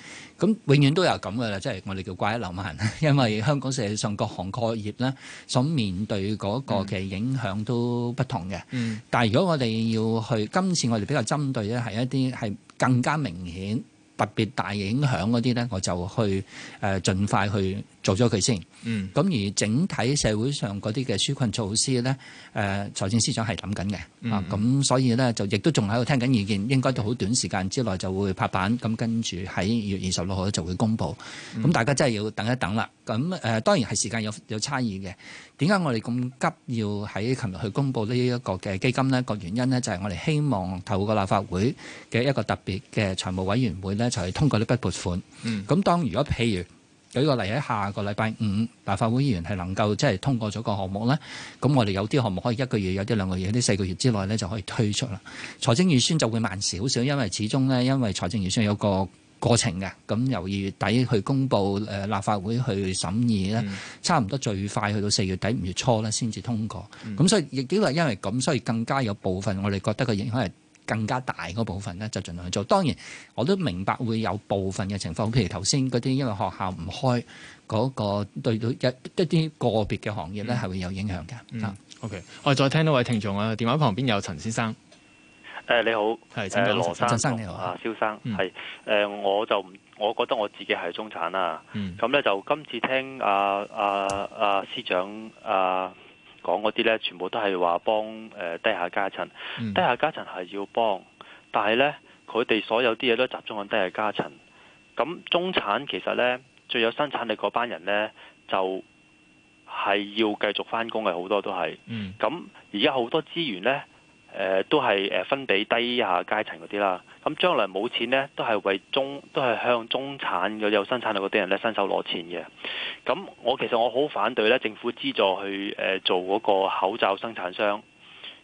咁永遠都有咁噶啦，即係我哋叫掛一漏萬，因為香港社會上各行各業咧，所面對嗰個嘅影響都不同嘅。嗯嗯、但係如果我哋要去今次，我哋比較針對咧，係一啲係更加明顯、特別大影響嗰啲咧，我就去誒、呃、盡快去做咗佢先。嗯，咁而整體社會上嗰啲嘅紓困措施咧，誒財政司長係諗緊嘅，嗯、啊，咁所以咧就亦都仲喺度聽緊意見，應該都好短時間之內就會拍板，咁跟住喺二月二十六號就會公布，咁大家真係要等一等啦。咁、呃、誒當然係時間有有差異嘅。點解我哋咁急要喺琴日去公布呢一個嘅基金，呢個原因咧就係我哋希望透過立法會嘅一個特別嘅財務委員會咧，就係通過呢筆撥款。咁、嗯嗯、當如果譬如舉個例，喺下個禮拜五，立法會議員係能夠即係通過咗個項目咧，咁我哋有啲項目可以一個月、有啲兩個月、有啲四個月之內咧，就可以推出啦。財政預算就會慢少少，因為始終咧，因為財政預算有個過程嘅，咁由二月底去公布，誒、呃、立法會去審議咧，嗯、差唔多最快去到四月底、五月初咧，先至通過。咁、嗯、所以亦都係因為咁，所以更加有部分我哋覺得個影響係更加大嗰部分咧，就儘量去做。當然，我都明白會有部分嘅情況，譬如頭先嗰啲，因為學校唔開嗰、嗰個對到一一啲個別嘅行業咧，係會有影響嘅。嗯。O K、嗯嗯、我哋再聽多一位聽眾啊，電話旁邊有陳先生。誒你好，係陳，陳生。生陳生你好啊，蕭生，係誒、嗯，我就唔，我覺得我自己係中產啦、啊。咁咧、嗯、就今次聽阿阿阿司長阿。啊講嗰啲呢，嗯、全部都係話幫誒低下階層，低下階層係要幫，但係呢，佢哋所有啲嘢都集中喺低下階層。咁中產其實呢，最有生產力嗰班人呢，就係、是、要繼續返工嘅，好多都係。咁而家好多資源呢。誒都係誒分俾低下階層嗰啲啦，咁將來冇錢呢，都係為中，都係向中產又有生產力嗰啲人咧伸手攞錢嘅。咁我其實我好反對咧，政府資助去誒做嗰個口罩生產商，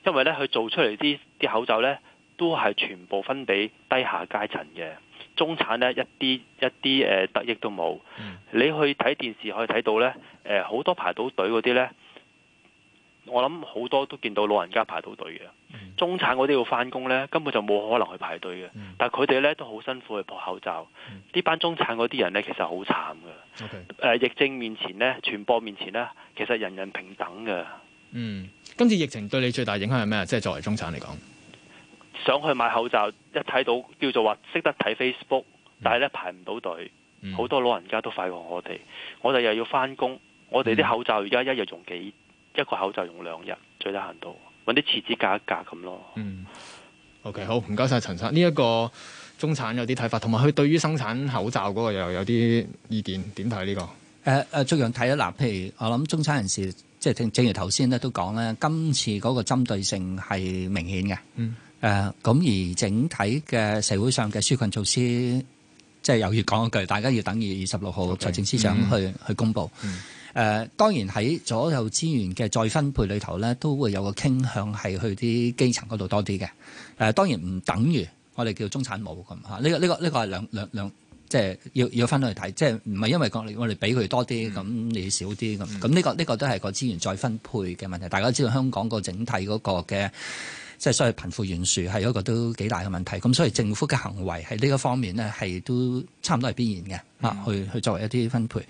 因為咧佢做出嚟啲啲口罩呢都係全部分俾低下階層嘅，中產呢一啲一啲誒得益都冇。你去睇電視可以睇到呢，誒好多排到隊嗰啲呢。我諗好多都見到老人家排到隊嘅，嗯、中產嗰啲要翻工呢，根本就冇可能去排隊嘅。嗯、但係佢哋呢都好辛苦去撲口罩，呢班、嗯、中產嗰啲人呢，其實好慘噶。誒 Okay.、呃，疫症面前呢，傳播面前呢，其實人人平等嘅、嗯。今次疫情對你最大影響係咩？即係作為中產嚟講，想去買口罩，一睇到叫做話識得睇 Facebook，但係咧排唔到隊，好、嗯、多老人家都快過我哋。我哋又要翻工，我哋啲口罩而家一日用幾？一個口罩用兩日，最低限度，揾啲廁紙夾一夾咁咯。嗯，OK，好，唔該晒陳生，呢、這、一個中產有啲睇法，同埋佢對於生產口罩嗰個又有啲意見，點睇呢個？誒誒、呃，逐樣睇一嗱，譬如我諗中產人士，即係正正如頭先咧都講啦，今次嗰個針對性係明顯嘅。誒、嗯、咁、呃、而整體嘅社會上嘅紓困措施，即係又要講一句，大家要等二月二十六號財政司長去去公布。誒、呃、當然喺所有資源嘅再分配裏頭咧，都會有個傾向係去啲基層嗰度多啲嘅。誒、呃、當然唔等於我哋叫中產冇咁嚇。呢、啊，這個呢、這個呢個係兩兩兩，即係要要分開嚟睇，即係唔係因為我我哋俾佢多啲，咁、嗯、你少啲咁。咁呢、嗯，這個呢、這個都係個資源再分配嘅問題。大家知道香港個整體嗰個嘅。即係所以貧富懸殊係一個都幾大嘅問題，咁所以政府嘅行為喺呢一方面咧係都差唔多係必然嘅啊，嗯、去去作為一啲分配。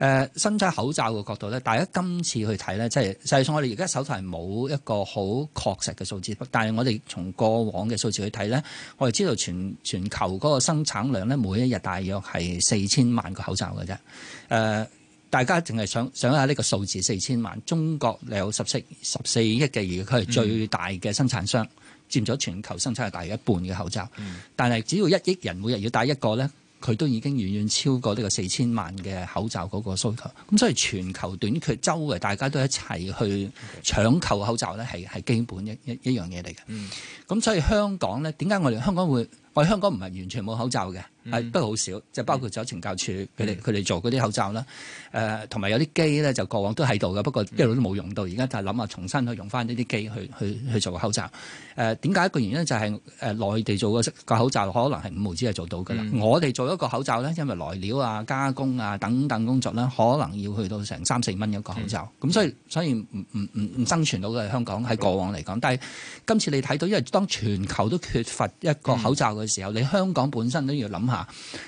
誒生產口罩嘅角度咧，大家今次去睇咧，即係就算我哋而家手頭係冇一個好確實嘅數字，但係我哋從過往嘅數字去睇咧，我哋知道全全球嗰個生產量咧，每一日大約係四千萬個口罩嘅啫。誒、呃。大家淨係想，想想下呢個數字四千萬，中國有十四十四億嘅，而佢係最大嘅生產商，嗯、佔咗全球生產嘅大約一半嘅口罩。嗯、但係只要一億人每日要戴一個呢，佢都已經遠遠超過呢個四千萬嘅口罩嗰個需求。咁所以全球短缺，周圍大家都一齊去搶購口罩呢，係係基本一一樣嘢嚟嘅。咁、嗯、所以香港呢，點解我哋香港會？我香港唔係完全冇口罩嘅，係、嗯、不過好少，就是、包括走懲教署佢哋佢哋做嗰啲口罩啦。誒、嗯，同埋、呃、有啲機咧，就過往都喺度嘅，不過一路都冇用到。而家就諗下重新用去用翻呢啲機去去去做口罩。誒、呃，點解一個原因就係、是、誒、呃、內地做個個口罩可能係五毫子係做到㗎啦。嗯、我哋做一個口罩咧，因為來料啊、加工啊等等工作咧，可能要去到成三四蚊一個口罩。咁、嗯、所以所以唔唔唔生存到嘅香港喺過往嚟講，但係今次你睇到，因為當全球都缺乏一個口罩，嗯嘅時候，你香港本身都要諗下，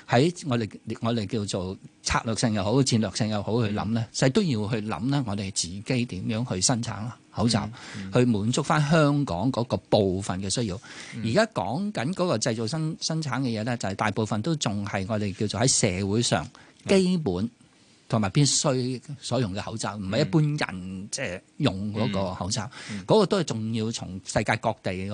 喺我哋我哋叫做策略性又好、戰略性又好去諗咧，係、嗯、都要去諗咧。我哋自己點樣去生產口罩，嗯嗯、去滿足翻香港嗰個部分嘅需要。而家講緊嗰個製造生生產嘅嘢咧，就係、是、大部分都仲係我哋叫做喺社會上基本同埋必須所用嘅口罩，唔係、嗯、一般人即係用嗰個口罩。嗰、嗯嗯、個都係仲要從世界各地去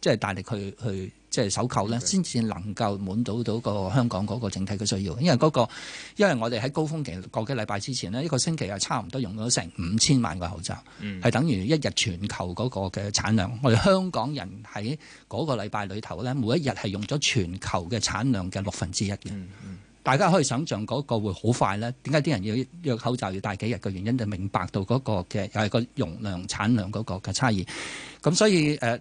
即係、就是、大力去去。即係手購咧，先至能夠滿到到個香港嗰個整體嘅需要。因為嗰個，因為我哋喺高峰期嗰幾禮拜之前呢，一個星期係差唔多用咗成五千萬個口罩，係等於一日全球嗰個嘅產量。我哋香港人喺嗰個禮拜裏頭咧，每一日係用咗全球嘅產量嘅六分之一嘅。大家可以想象嗰個會好快咧。點解啲人要口罩要戴幾日嘅原因，就明白到嗰個嘅又係個容量產量嗰個嘅差異。咁所以誒、呃。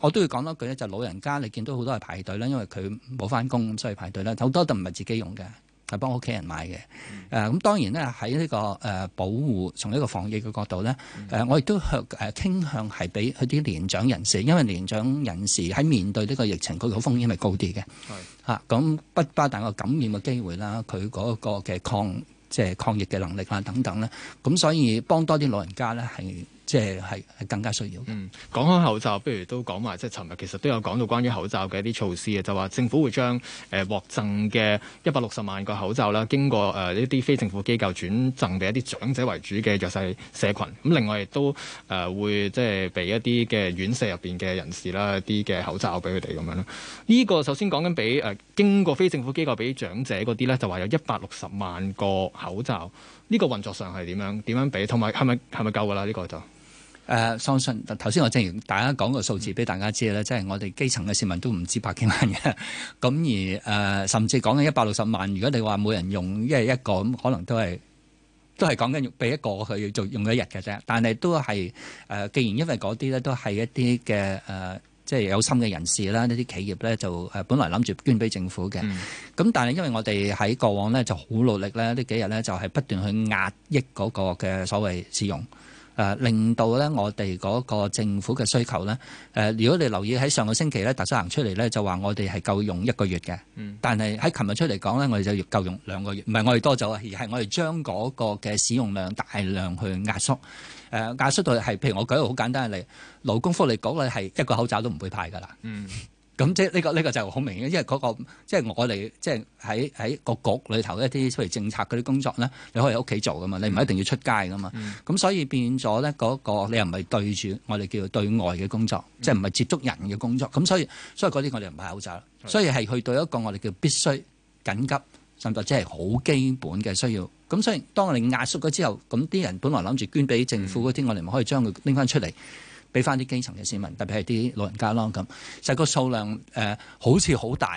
我都要講多句咧，就是、老人家你見到好多係排隊啦，因為佢冇返工，所以排隊啦。好多都唔係自己用嘅，係幫屋企人買嘅。誒咁、嗯啊、當然咧，喺呢個誒保護，從呢個防疫嘅角度咧，誒、嗯啊、我亦都向誒傾向係俾佢啲年長人士，因為年長人士喺面對呢個疫情，佢個風險係高啲嘅。係咁是、啊、不但個感染嘅機會啦，佢嗰個嘅抗即係抗疫嘅能力啦等等咧，咁所以幫多啲老人家咧係。即係係係更加需要。嗯，講開口罩，不如都講埋即係尋日其實都有講到關於口罩嘅一啲措施嘅，就話政府會將誒、呃、獲贈嘅一百六十萬個口罩啦，經過誒呢啲非政府機構轉贈俾一啲長者為主嘅弱勢社群。咁另外亦都誒、呃、會即係俾一啲嘅院舍入邊嘅人士啦，一啲嘅口罩俾佢哋咁樣啦。依、呢個首先講緊俾誒經過非政府機構俾長者嗰啲咧，就話有一百六十萬個口罩，呢、呢個運作上係點樣？點樣俾？同埋係咪係咪夠㗎啦？呢、呢個就。誒，相、呃、信頭先我正如大家講個數字俾大家知啦，嗯、即係我哋基層嘅市民都唔知百幾萬嘅。咁 <laughs> 而誒、呃，甚至講緊一百六十萬，如果你話每人用一一個咁，可能都係都係講緊用俾一個佢做用咗一日嘅啫。但係都係誒、呃，既然因為嗰啲咧都係一啲嘅誒，即係有心嘅人士啦，呢啲企業咧就誒本來諗住捐俾政府嘅。咁、嗯、但係因為我哋喺過往咧就好努力咧，呢幾日咧就係不斷去壓抑嗰個嘅所謂使用。誒令到咧，我哋嗰個政府嘅需求咧，誒、呃、如果你留意喺上個星期咧，特首行出嚟咧，就話我哋係夠用一個月嘅，嗯、但係喺琴日出嚟講咧，我哋就夠用兩個月，唔係我哋多咗啊，而係我哋將嗰個嘅使用量大量去壓縮，誒壓縮到係譬如我舉一個好簡單嘅例，勞工福利局咧係一個口罩都唔會派㗎啦。嗯。咁即係呢個呢、呢個就好明顯，因為嗰、嗰個即係我哋即係喺喺個局裏頭一啲出嚟政策嗰啲工作咧，你可以喺屋企做噶嘛，你唔一定要出街噶嘛。咁、嗯、所以變咗咧、嗰個，嗰個你又唔係對住我哋叫對外嘅工作，嗯、即係唔係接觸人嘅工作。咁所以所以嗰啲我哋唔係口罩，所以係去到一個我哋叫必須緊急甚至係好基本嘅需要。咁所以當我哋壓縮咗之後，咁啲人本來諗住捐俾政府嗰啲，嗯、我哋唔可以將佢拎翻出嚟。俾翻啲基層嘅市民，特別係啲老人家咯咁。實、嗰個數量誒、呃、好似好大，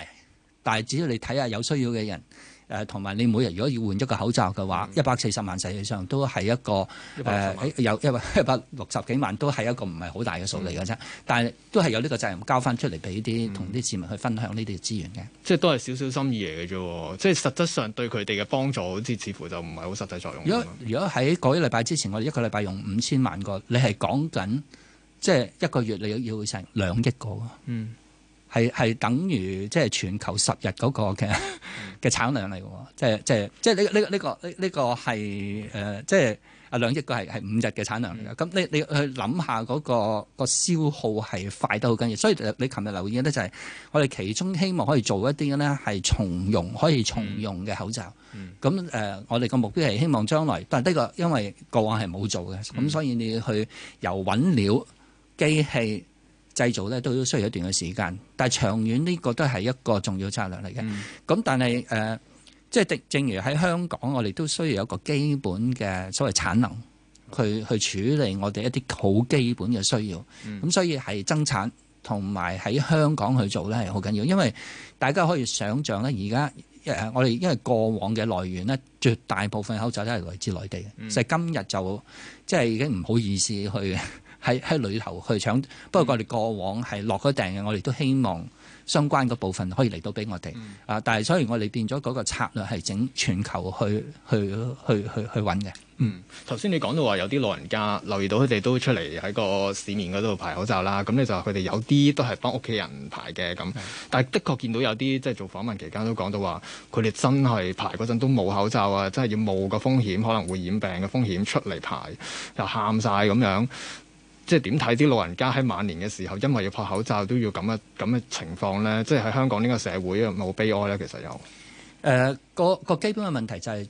但係只要你睇下有需要嘅人誒，同、呃、埋你每日如果要換一個口罩嘅話，一百四十萬實際上都係一個誒、呃、有一百六十幾萬，都係一個唔係好大嘅數嚟嘅啫。嗯、但係都係有呢個責任交翻出嚟俾啲同啲市民去分享呢啲資源嘅。即係都係少少心意嚟嘅啫。即係實質上對佢哋嘅幫助，好似似乎就唔係好實際作用如，如果如果喺嗰一禮拜之前，我哋一個禮拜用五千萬個，你係講緊。即係一個月你要要成兩億個，係係、嗯、等於即係全球十日嗰個嘅嘅 <laughs> 產量嚟嘅，即係即係即係呢呢呢個呢個係誒，即係啊兩億個係係五日嘅產量嚟嘅。咁、嗯、你你去諗下嗰、嗰個嗰個消耗係快得好緊要，所以你琴日留意咧就係我哋其中希望可以做一啲嘅呢，係重用可以重用嘅口罩。咁誒、嗯嗯呃，我哋嘅目標係希望將來，但係呢個因為過往係冇做嘅，咁所以你要去由揾料。機器製造咧都需要一段嘅時間，但係長遠呢個都係一個重要策略嚟嘅。咁、嗯、但係誒，即、呃、係、就係、正如喺香港，我哋都需要有一個基本嘅所謂產能去，去去處理我哋一啲好基本嘅需要。咁、嗯、所以係增產同埋喺香港去做咧係好緊要，因為大家可以想像咧，而家我哋因為過往嘅來源咧，絕大部分口罩都係來自內地，嘅、嗯，所以今日就即係、就係、已經唔好意思去。喺喺裏頭去搶，不過我哋過往係落咗訂嘅，我哋都希望相關個部分可以嚟到俾我哋、嗯、啊。但係，所以我哋變咗嗰個策略係整全球去去去去去揾嘅。嗯，頭先、嗯、你講到話有啲老人家留意到佢哋都出嚟喺個市面嗰度排口罩啦。咁你就話佢哋有啲都係幫屋企人排嘅，咁，嗯、但係的確見到有啲即係做訪問期間都講到話，佢哋真係排嗰陣都冇口罩啊，真係要冒個風險可能會染病嘅風險出嚟排又喊晒咁樣。即係點睇啲老人家喺晚年嘅時候，因為要拍口罩都要咁嘅咁嘅情況咧，即係喺香港呢個社會有冇悲哀咧？其實有。誒、呃，個個基本嘅問題就係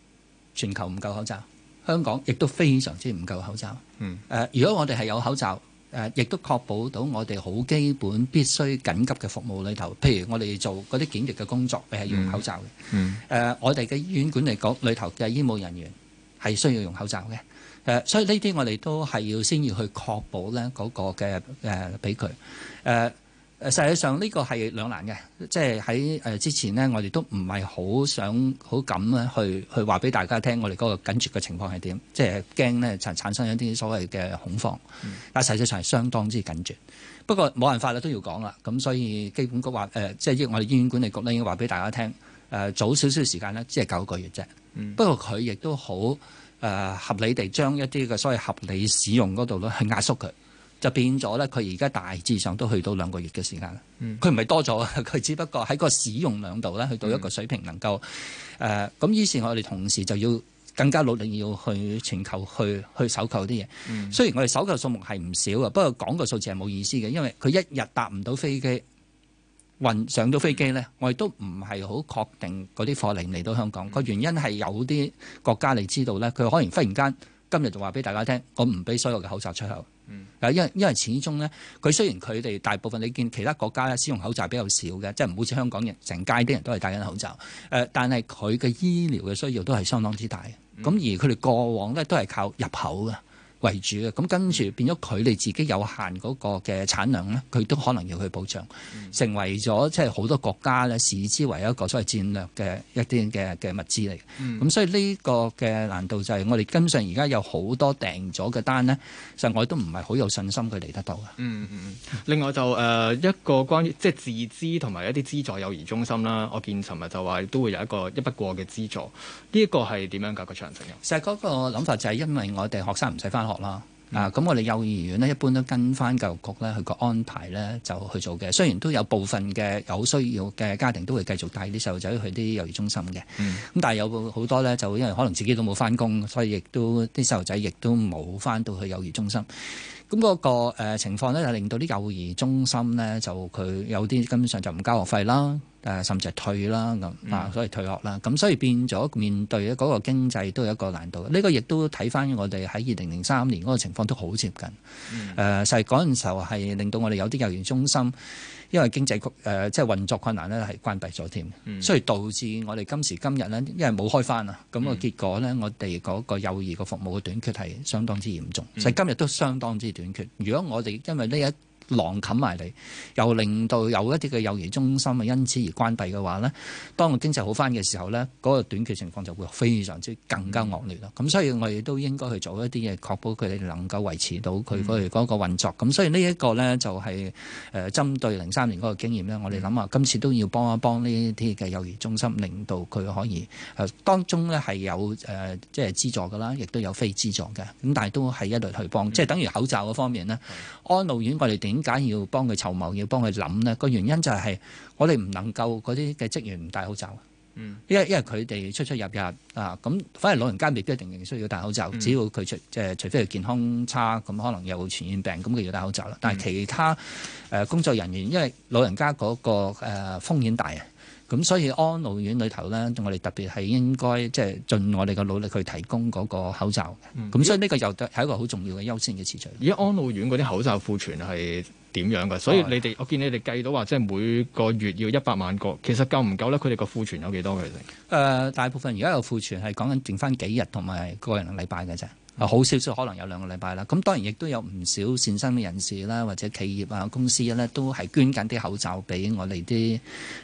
全球唔夠口罩，香港亦都非常之唔夠口罩。嗯。誒，如果我哋係有口罩，誒、呃，亦都確保到我哋好基本必須緊急嘅服務裏頭，譬如我哋做嗰啲檢疫嘅工作，你係、嗯、要用口罩嘅。嗯。誒、呃，嗯、我哋嘅醫院管理局裏頭嘅醫務人員係需要用口罩嘅。呃、所以呢啲我哋都係要先要去確保咧，嗰、嗰個嘅誒俾佢誒誒，實際上呢個係兩難嘅，即係喺誒之前呢，我哋都唔係好想好敢咧去去話俾大家聽我哋嗰個緊絕嘅情況係點，即係驚呢產生一啲所謂嘅恐慌。但係實際上係相當之緊絕，不過冇辦法啦，都要講啦。咁所以基本局話誒、呃、即係我哋醫院管理局呢應該話俾大家聽誒、呃、早少少時間咧，即係九個月啫。嗯、不過佢亦都好。誒、呃、合理地將一啲嘅所謂合理使用嗰度咧，去壓縮佢，就變咗咧。佢而家大致上都去到兩個月嘅時間。嗯，佢唔係多咗，佢只不過喺個使用量度咧，去到一個水平能夠誒。咁、呃、於是，我哋同時就要更加努力要去全球去去搜購啲嘢。嗯，雖然我哋搜購數目係唔少嘅，不過講個數字係冇意思嘅，因為佢一日搭唔到飛機。運上到飛機呢，我亦都唔係好確定嗰啲貨嚟唔嚟到香港個、嗯、原因係有啲國家你知道呢，佢可能忽然間今日就話俾大家聽，我唔俾所有嘅口罩出口。嗯、因為因為始終呢，佢雖然佢哋大部分你見其他國家咧使用口罩比較少嘅，即係唔好似香港人成街啲人都係戴緊口罩。誒、嗯，但係佢嘅醫療嘅需要都係相當之大。咁、嗯、而佢哋過往呢，都係靠入口嘅。為主嘅，咁跟住變咗佢哋自己有限嗰個嘅產量咧，佢都可能要去保障，嗯、成為咗即係好多國家咧視之為一個所謂戰略嘅一啲嘅嘅物資嚟。咁、嗯、所以呢個嘅難度就係、是、我哋跟上而家有好多訂咗嘅單咧，實我都唔係好有信心佢嚟得到嘅、嗯。另外就誒、呃、一個關於即係自資同埋一啲資助幼兒中心啦，我見尋日就話都會有一個一筆過嘅資助，呢、這、一個係點樣搞個詳情嘅？其實嗰個諗法就係因為我哋學生唔使返。學啦啊！咁、嗯、我哋幼兒園咧，一般都跟翻教育局咧佢個安排咧，就去做嘅。雖然都有部分嘅有需要嘅家庭都會繼續帶啲細路仔去啲幼兒中心嘅，咁、嗯、但係有好多咧就因為可能自己都冇翻工，所以亦都啲細路仔亦都冇翻到去幼兒中心。咁、那、嗰個誒、呃、情況咧，就令到啲幼兒中心咧，就佢有啲根本上就唔交學費啦。誒甚至係退啦咁啊，所以退學啦，咁、嗯、所以變咗面對咧嗰個經濟都有一個難度。呢、這個亦都睇翻我哋喺二零零三年嗰個情況都好接近。誒、嗯，就係嗰陣時候係令到我哋有啲幼兒園中心因為經濟誒即係運作困難咧，係關閉咗添，所以導致我哋今時今日咧，因為冇開翻啊，咁、那個結果咧，嗯、我哋嗰個幼兒嘅服務嘅短缺係相當之嚴重。就、嗯、今日都相當之短缺。如果我哋因為呢一狼冚埋嚟，又令到有一啲嘅幼兒中心啊，因此而關閉嘅話咧，當個經濟好翻嘅時候咧，嗰、那個短期情況就會非常之更加惡劣啦。咁、嗯、所以我哋都應該去做一啲嘢，確保佢哋能夠維持到佢嗰個運作。咁、嗯、所以呢一個咧就係誒針對零三年嗰個經驗咧，我哋諗下今次都要幫一幫呢啲嘅幼兒中心，令到佢可以誒、呃、當中咧係有誒、呃、即係資助噶啦，亦都有非資助嘅，咁但係都係一律去幫，嗯、即係等於口罩嗰方面咧，嗯、安老院我哋點？點解要幫佢籌謀，要幫佢諗呢？個原因就係我哋唔能夠嗰啲嘅職員唔戴口罩。嗯，因為因為佢哋出出入入啊，咁反而老人家未必一定需要戴口罩。嗯、只要佢除即係除非係健康差，咁可能有傳染病，咁佢要戴口罩啦。但係其他誒工作人員，因為老人家嗰、嗰個誒、呃、風險大啊。咁所以安老院裏頭咧，我哋特別係應該即係、就是、盡我哋嘅努力去提供嗰個口罩。咁、嗯、所以呢個又係一個好重要嘅優先嘅次序。而安老院嗰啲口罩庫存係點樣嘅？所以你哋、哦、我見你哋計到話，即係每個月要一百萬個，其實夠唔夠咧？佢哋個庫存有幾多嘅？佢哋誒大部分而家有庫存係講緊剩翻幾日同埋個人禮拜嘅啫，好少少，可能有兩個禮拜啦。咁當然亦都有唔少善心嘅人士啦，或者企業啊、公司咧，都係捐緊啲口罩俾我哋啲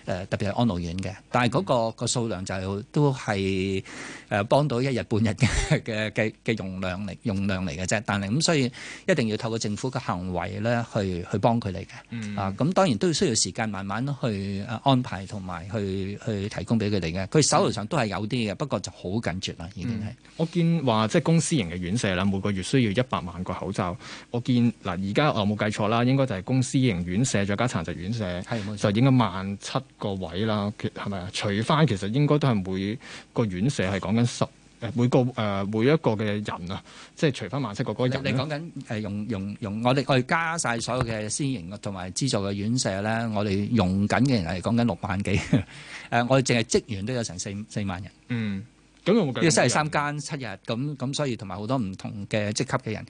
誒特別係安老院嘅。但係嗰、個、嗯、個數量就都係誒幫到一日半日嘅嘅嘅嘅容量嚟，容量嚟嘅啫。但係咁，所以一定要透過政府嘅行為咧，去去幫佢哋嘅。嗯、啊，咁當然都需要時間慢慢去安排同埋去去提供俾佢哋嘅。佢手頭上都係有啲嘅，不過就好緊絕啦，已經係我見話即係公司型嘅。院舍啦，每個月需要一百萬個口罩。我見嗱，而家我冇計錯啦，應該就係公私營院舍再加殘疾院舍，就應該萬七個位啦。係咪啊？除翻其實應該都係每個院舍係講緊十誒每個誒、呃、每一個嘅人啊，即係除翻萬七個個人。你講緊誒用用用，用用用我哋去加晒所有嘅私營同埋資助嘅院舍咧，我哋用緊嘅人係講緊六萬幾誒， <laughs> 我哋淨係職員都有成四四萬人。嗯。呢個星期三間七日，咁咁所以同埋好多唔同嘅職級嘅人，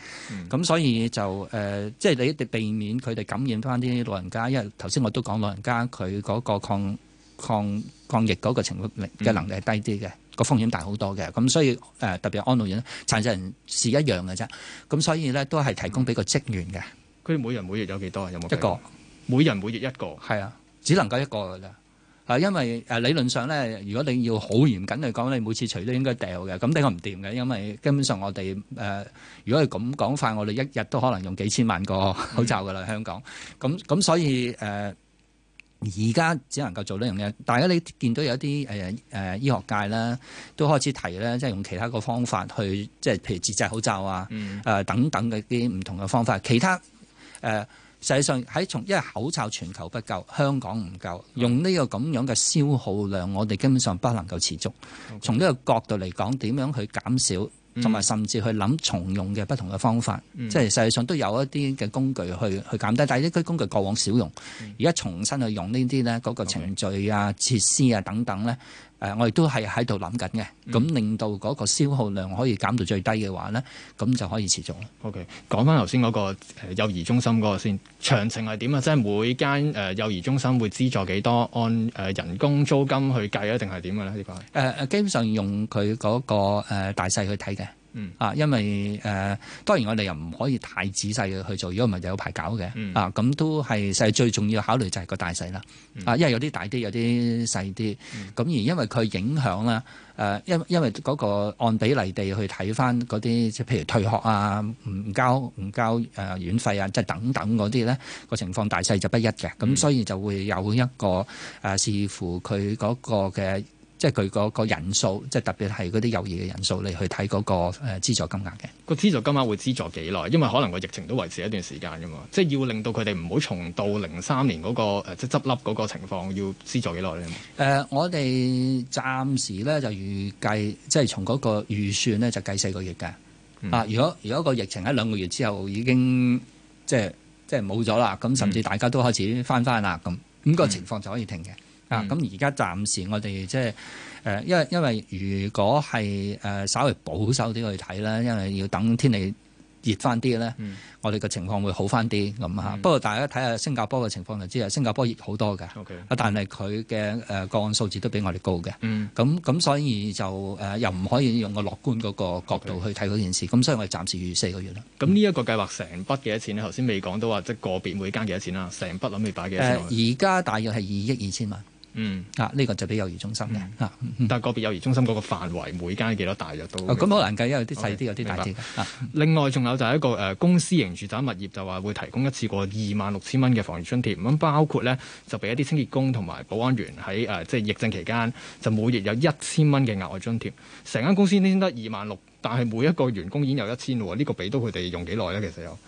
咁、嗯、所以就誒，即、呃、係、即係、你哋避免佢哋感染翻啲老人家，因為頭先我都講老人家佢嗰個抗抗抗疫嗰個情能力嘅能力係低啲嘅，個、嗯、風險大好多嘅，咁所以誒、呃、特別安老院殘疾人士一樣嘅啫，咁所以咧都係提供俾個職員嘅。佢哋每人每月有幾多啊？有冇一個？每人每月一個。係啊，只能夠一個㗎啦。啊，因為誒理論上咧，如果你要好嚴謹嚟講，你每次除都應該掉嘅。咁點解唔掂嘅？因為基本上我哋誒、呃，如果係咁講法，我哋一日都可能用幾千萬個口罩噶啦，嗯、香港。咁咁所以誒，而、呃、家只能夠做呢樣嘢。大家你見到有啲誒誒醫學界啦，都開始提咧，即、就、係、是、用其他個方法去，即係譬如自製口罩啊，誒、嗯呃、等等嘅啲唔同嘅方法，其他誒。呃實際上喺從因為口罩全球不夠，香港唔夠，用呢個咁樣嘅消耗量，我哋根本上不能夠持續。Okay. 從呢個角度嚟講，點樣去減少，同埋、mm. 甚至去諗重用嘅不同嘅方法，mm. 即係實際上都有一啲嘅工具去去減低。但係呢啲工具過往少用，而家重新去用呢啲咧，嗰、嗰個程序啊、設施啊等等咧。誒、呃，我亦都係喺度諗緊嘅，咁令到嗰個消耗量可以減到最低嘅話咧，咁就可以持續。OK，講翻頭先嗰個呃、幼兒中心嗰個先，詳情係點啊？即係每間誒幼兒中心會資助幾多按誒人工租金去計啊，定係點嘅咧？呢個誒，基本上用佢嗰、嗰個、呃、大細去睇嘅。啊，因為誒，當然我哋又唔可以太仔細去去做，如果唔係就有排搞嘅。啊，咁都係細最重要考慮就係個大細啦。啊，因為有啲大啲，有啲細啲。咁而因為佢影響咧，誒，因因為嗰個按比例地去睇翻嗰啲，即係譬如退學啊、唔交唔交誒院費啊，即係等等嗰啲咧，個情況大細就不一嘅。咁所以就會有一個誒，視乎佢嗰個嘅。即係佢嗰個人數，即係特別係嗰啲友誼嘅人數嚟去睇嗰個誒資助金額嘅。個資助金額會資助幾耐？因為可能個疫情都維持一段時間㗎嘛。即係要令到佢哋唔好重到零三年嗰、嗰個即係執笠嗰個情況，要資助幾耐咧？誒、呃，我哋暫時咧就預計，即係從嗰個預算咧就計四個月嘅。啊、嗯，如果如果個疫情喺兩個月之後已經即係即係冇咗啦，咁甚至大家都開始返返啦，咁咁、嗯、個情況就可以停嘅。嗯啊，咁而家暫時我哋即係誒，因、呃、為因為如果係誒稍微保守啲去睇啦，因為要等天氣熱翻啲咧，嗯、我哋個情況會好翻啲咁嚇。啊嗯、不過大家睇下新加坡嘅情況就知啦，新加坡熱好多嘅，okay, 但係佢嘅誒個案數字都比我哋高嘅，咁咁、嗯、所以就誒又唔可以用個樂觀嗰個角度去睇嗰件事。咁 okay, 所以我哋暫時預四個月啦。咁呢一個計劃成筆幾多錢呢？頭先未講到話即係個別每間幾多錢啦，成筆諗住擺幾多錢？誒，而家大約係二億二千萬。嗯啊、這個，啊，呢、嗯、個就俾幼兒中心嘅，啊，但係個別幼兒中心嗰個範圍每間幾多大，約都。咁好難計，因為啲細啲有啲 Okay, 大啲白、啊、另外仲有就係一個誒、呃、公私營住宅物業，就話會提供一次過二萬六千蚊嘅防疫津貼，咁包括呢就俾一啲清潔工同埋保安員喺誒即係疫症期間就每月有一千蚊嘅額外津貼，成間公司先得二萬六，但係每一個員工已經有一千喎，呢、這個俾到佢哋用幾耐呢？其實有、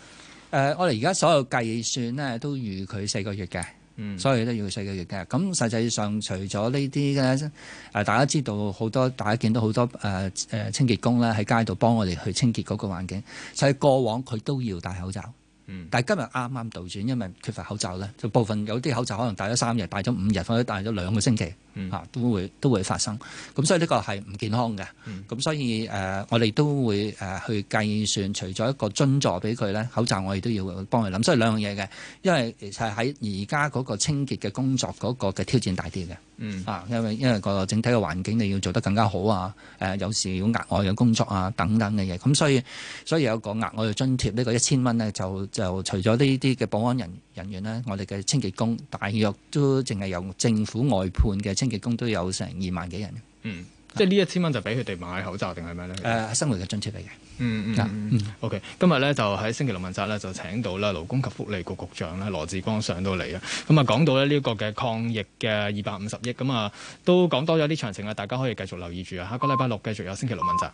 呃，誒，我哋而家所有計算呢，都預佢四個月嘅。嗯、所以都要細個預嘅。咁實際上除，除咗呢啲嘅，誒大家知道好多，大家見到好多誒誒、呃、清潔工咧喺街度幫我哋去清潔嗰個環境。喺過往佢都要戴口罩，嗯、但係今日啱啱倒轉，因為缺乏口罩咧，就部分有啲口罩可能戴咗三日，戴咗五日，或者戴咗兩個星期。嗯，都會都會發生，咁所以呢個係唔健康嘅。咁、嗯、所以誒、呃，我哋都會誒去計算，除咗一個津助俾佢咧，口罩我哋都要幫佢諗，所以兩樣嘢嘅。因為其實喺而家嗰個清潔嘅工作嗰個嘅挑戰大啲嘅。嗯、啊，因為因為個整體嘅環境你要做得更加好啊，誒有時要額外嘅工作啊等等嘅嘢，咁所以所以有個額外嘅津貼、這個、呢個一千蚊咧，就就除咗呢啲嘅保安人人員咧，我哋嘅清潔工大約都淨係由政府外判嘅嘅工都有成二萬幾人，嗯，即係呢一千蚊就俾佢哋買口罩定係咩咧？誒，生活嘅津貼嚟嘅，嗯嗯嗯。O、okay, K，今日咧就喺星期六問責咧，就請到啦勞工及福利局局,局長啦羅致光上到嚟啊，咁啊講到咧呢一個嘅抗疫嘅二百五十億咁啊、嗯，都講多咗啲詳情啊，大家可以繼續留意住啊，下個禮拜六繼續有星期六問責。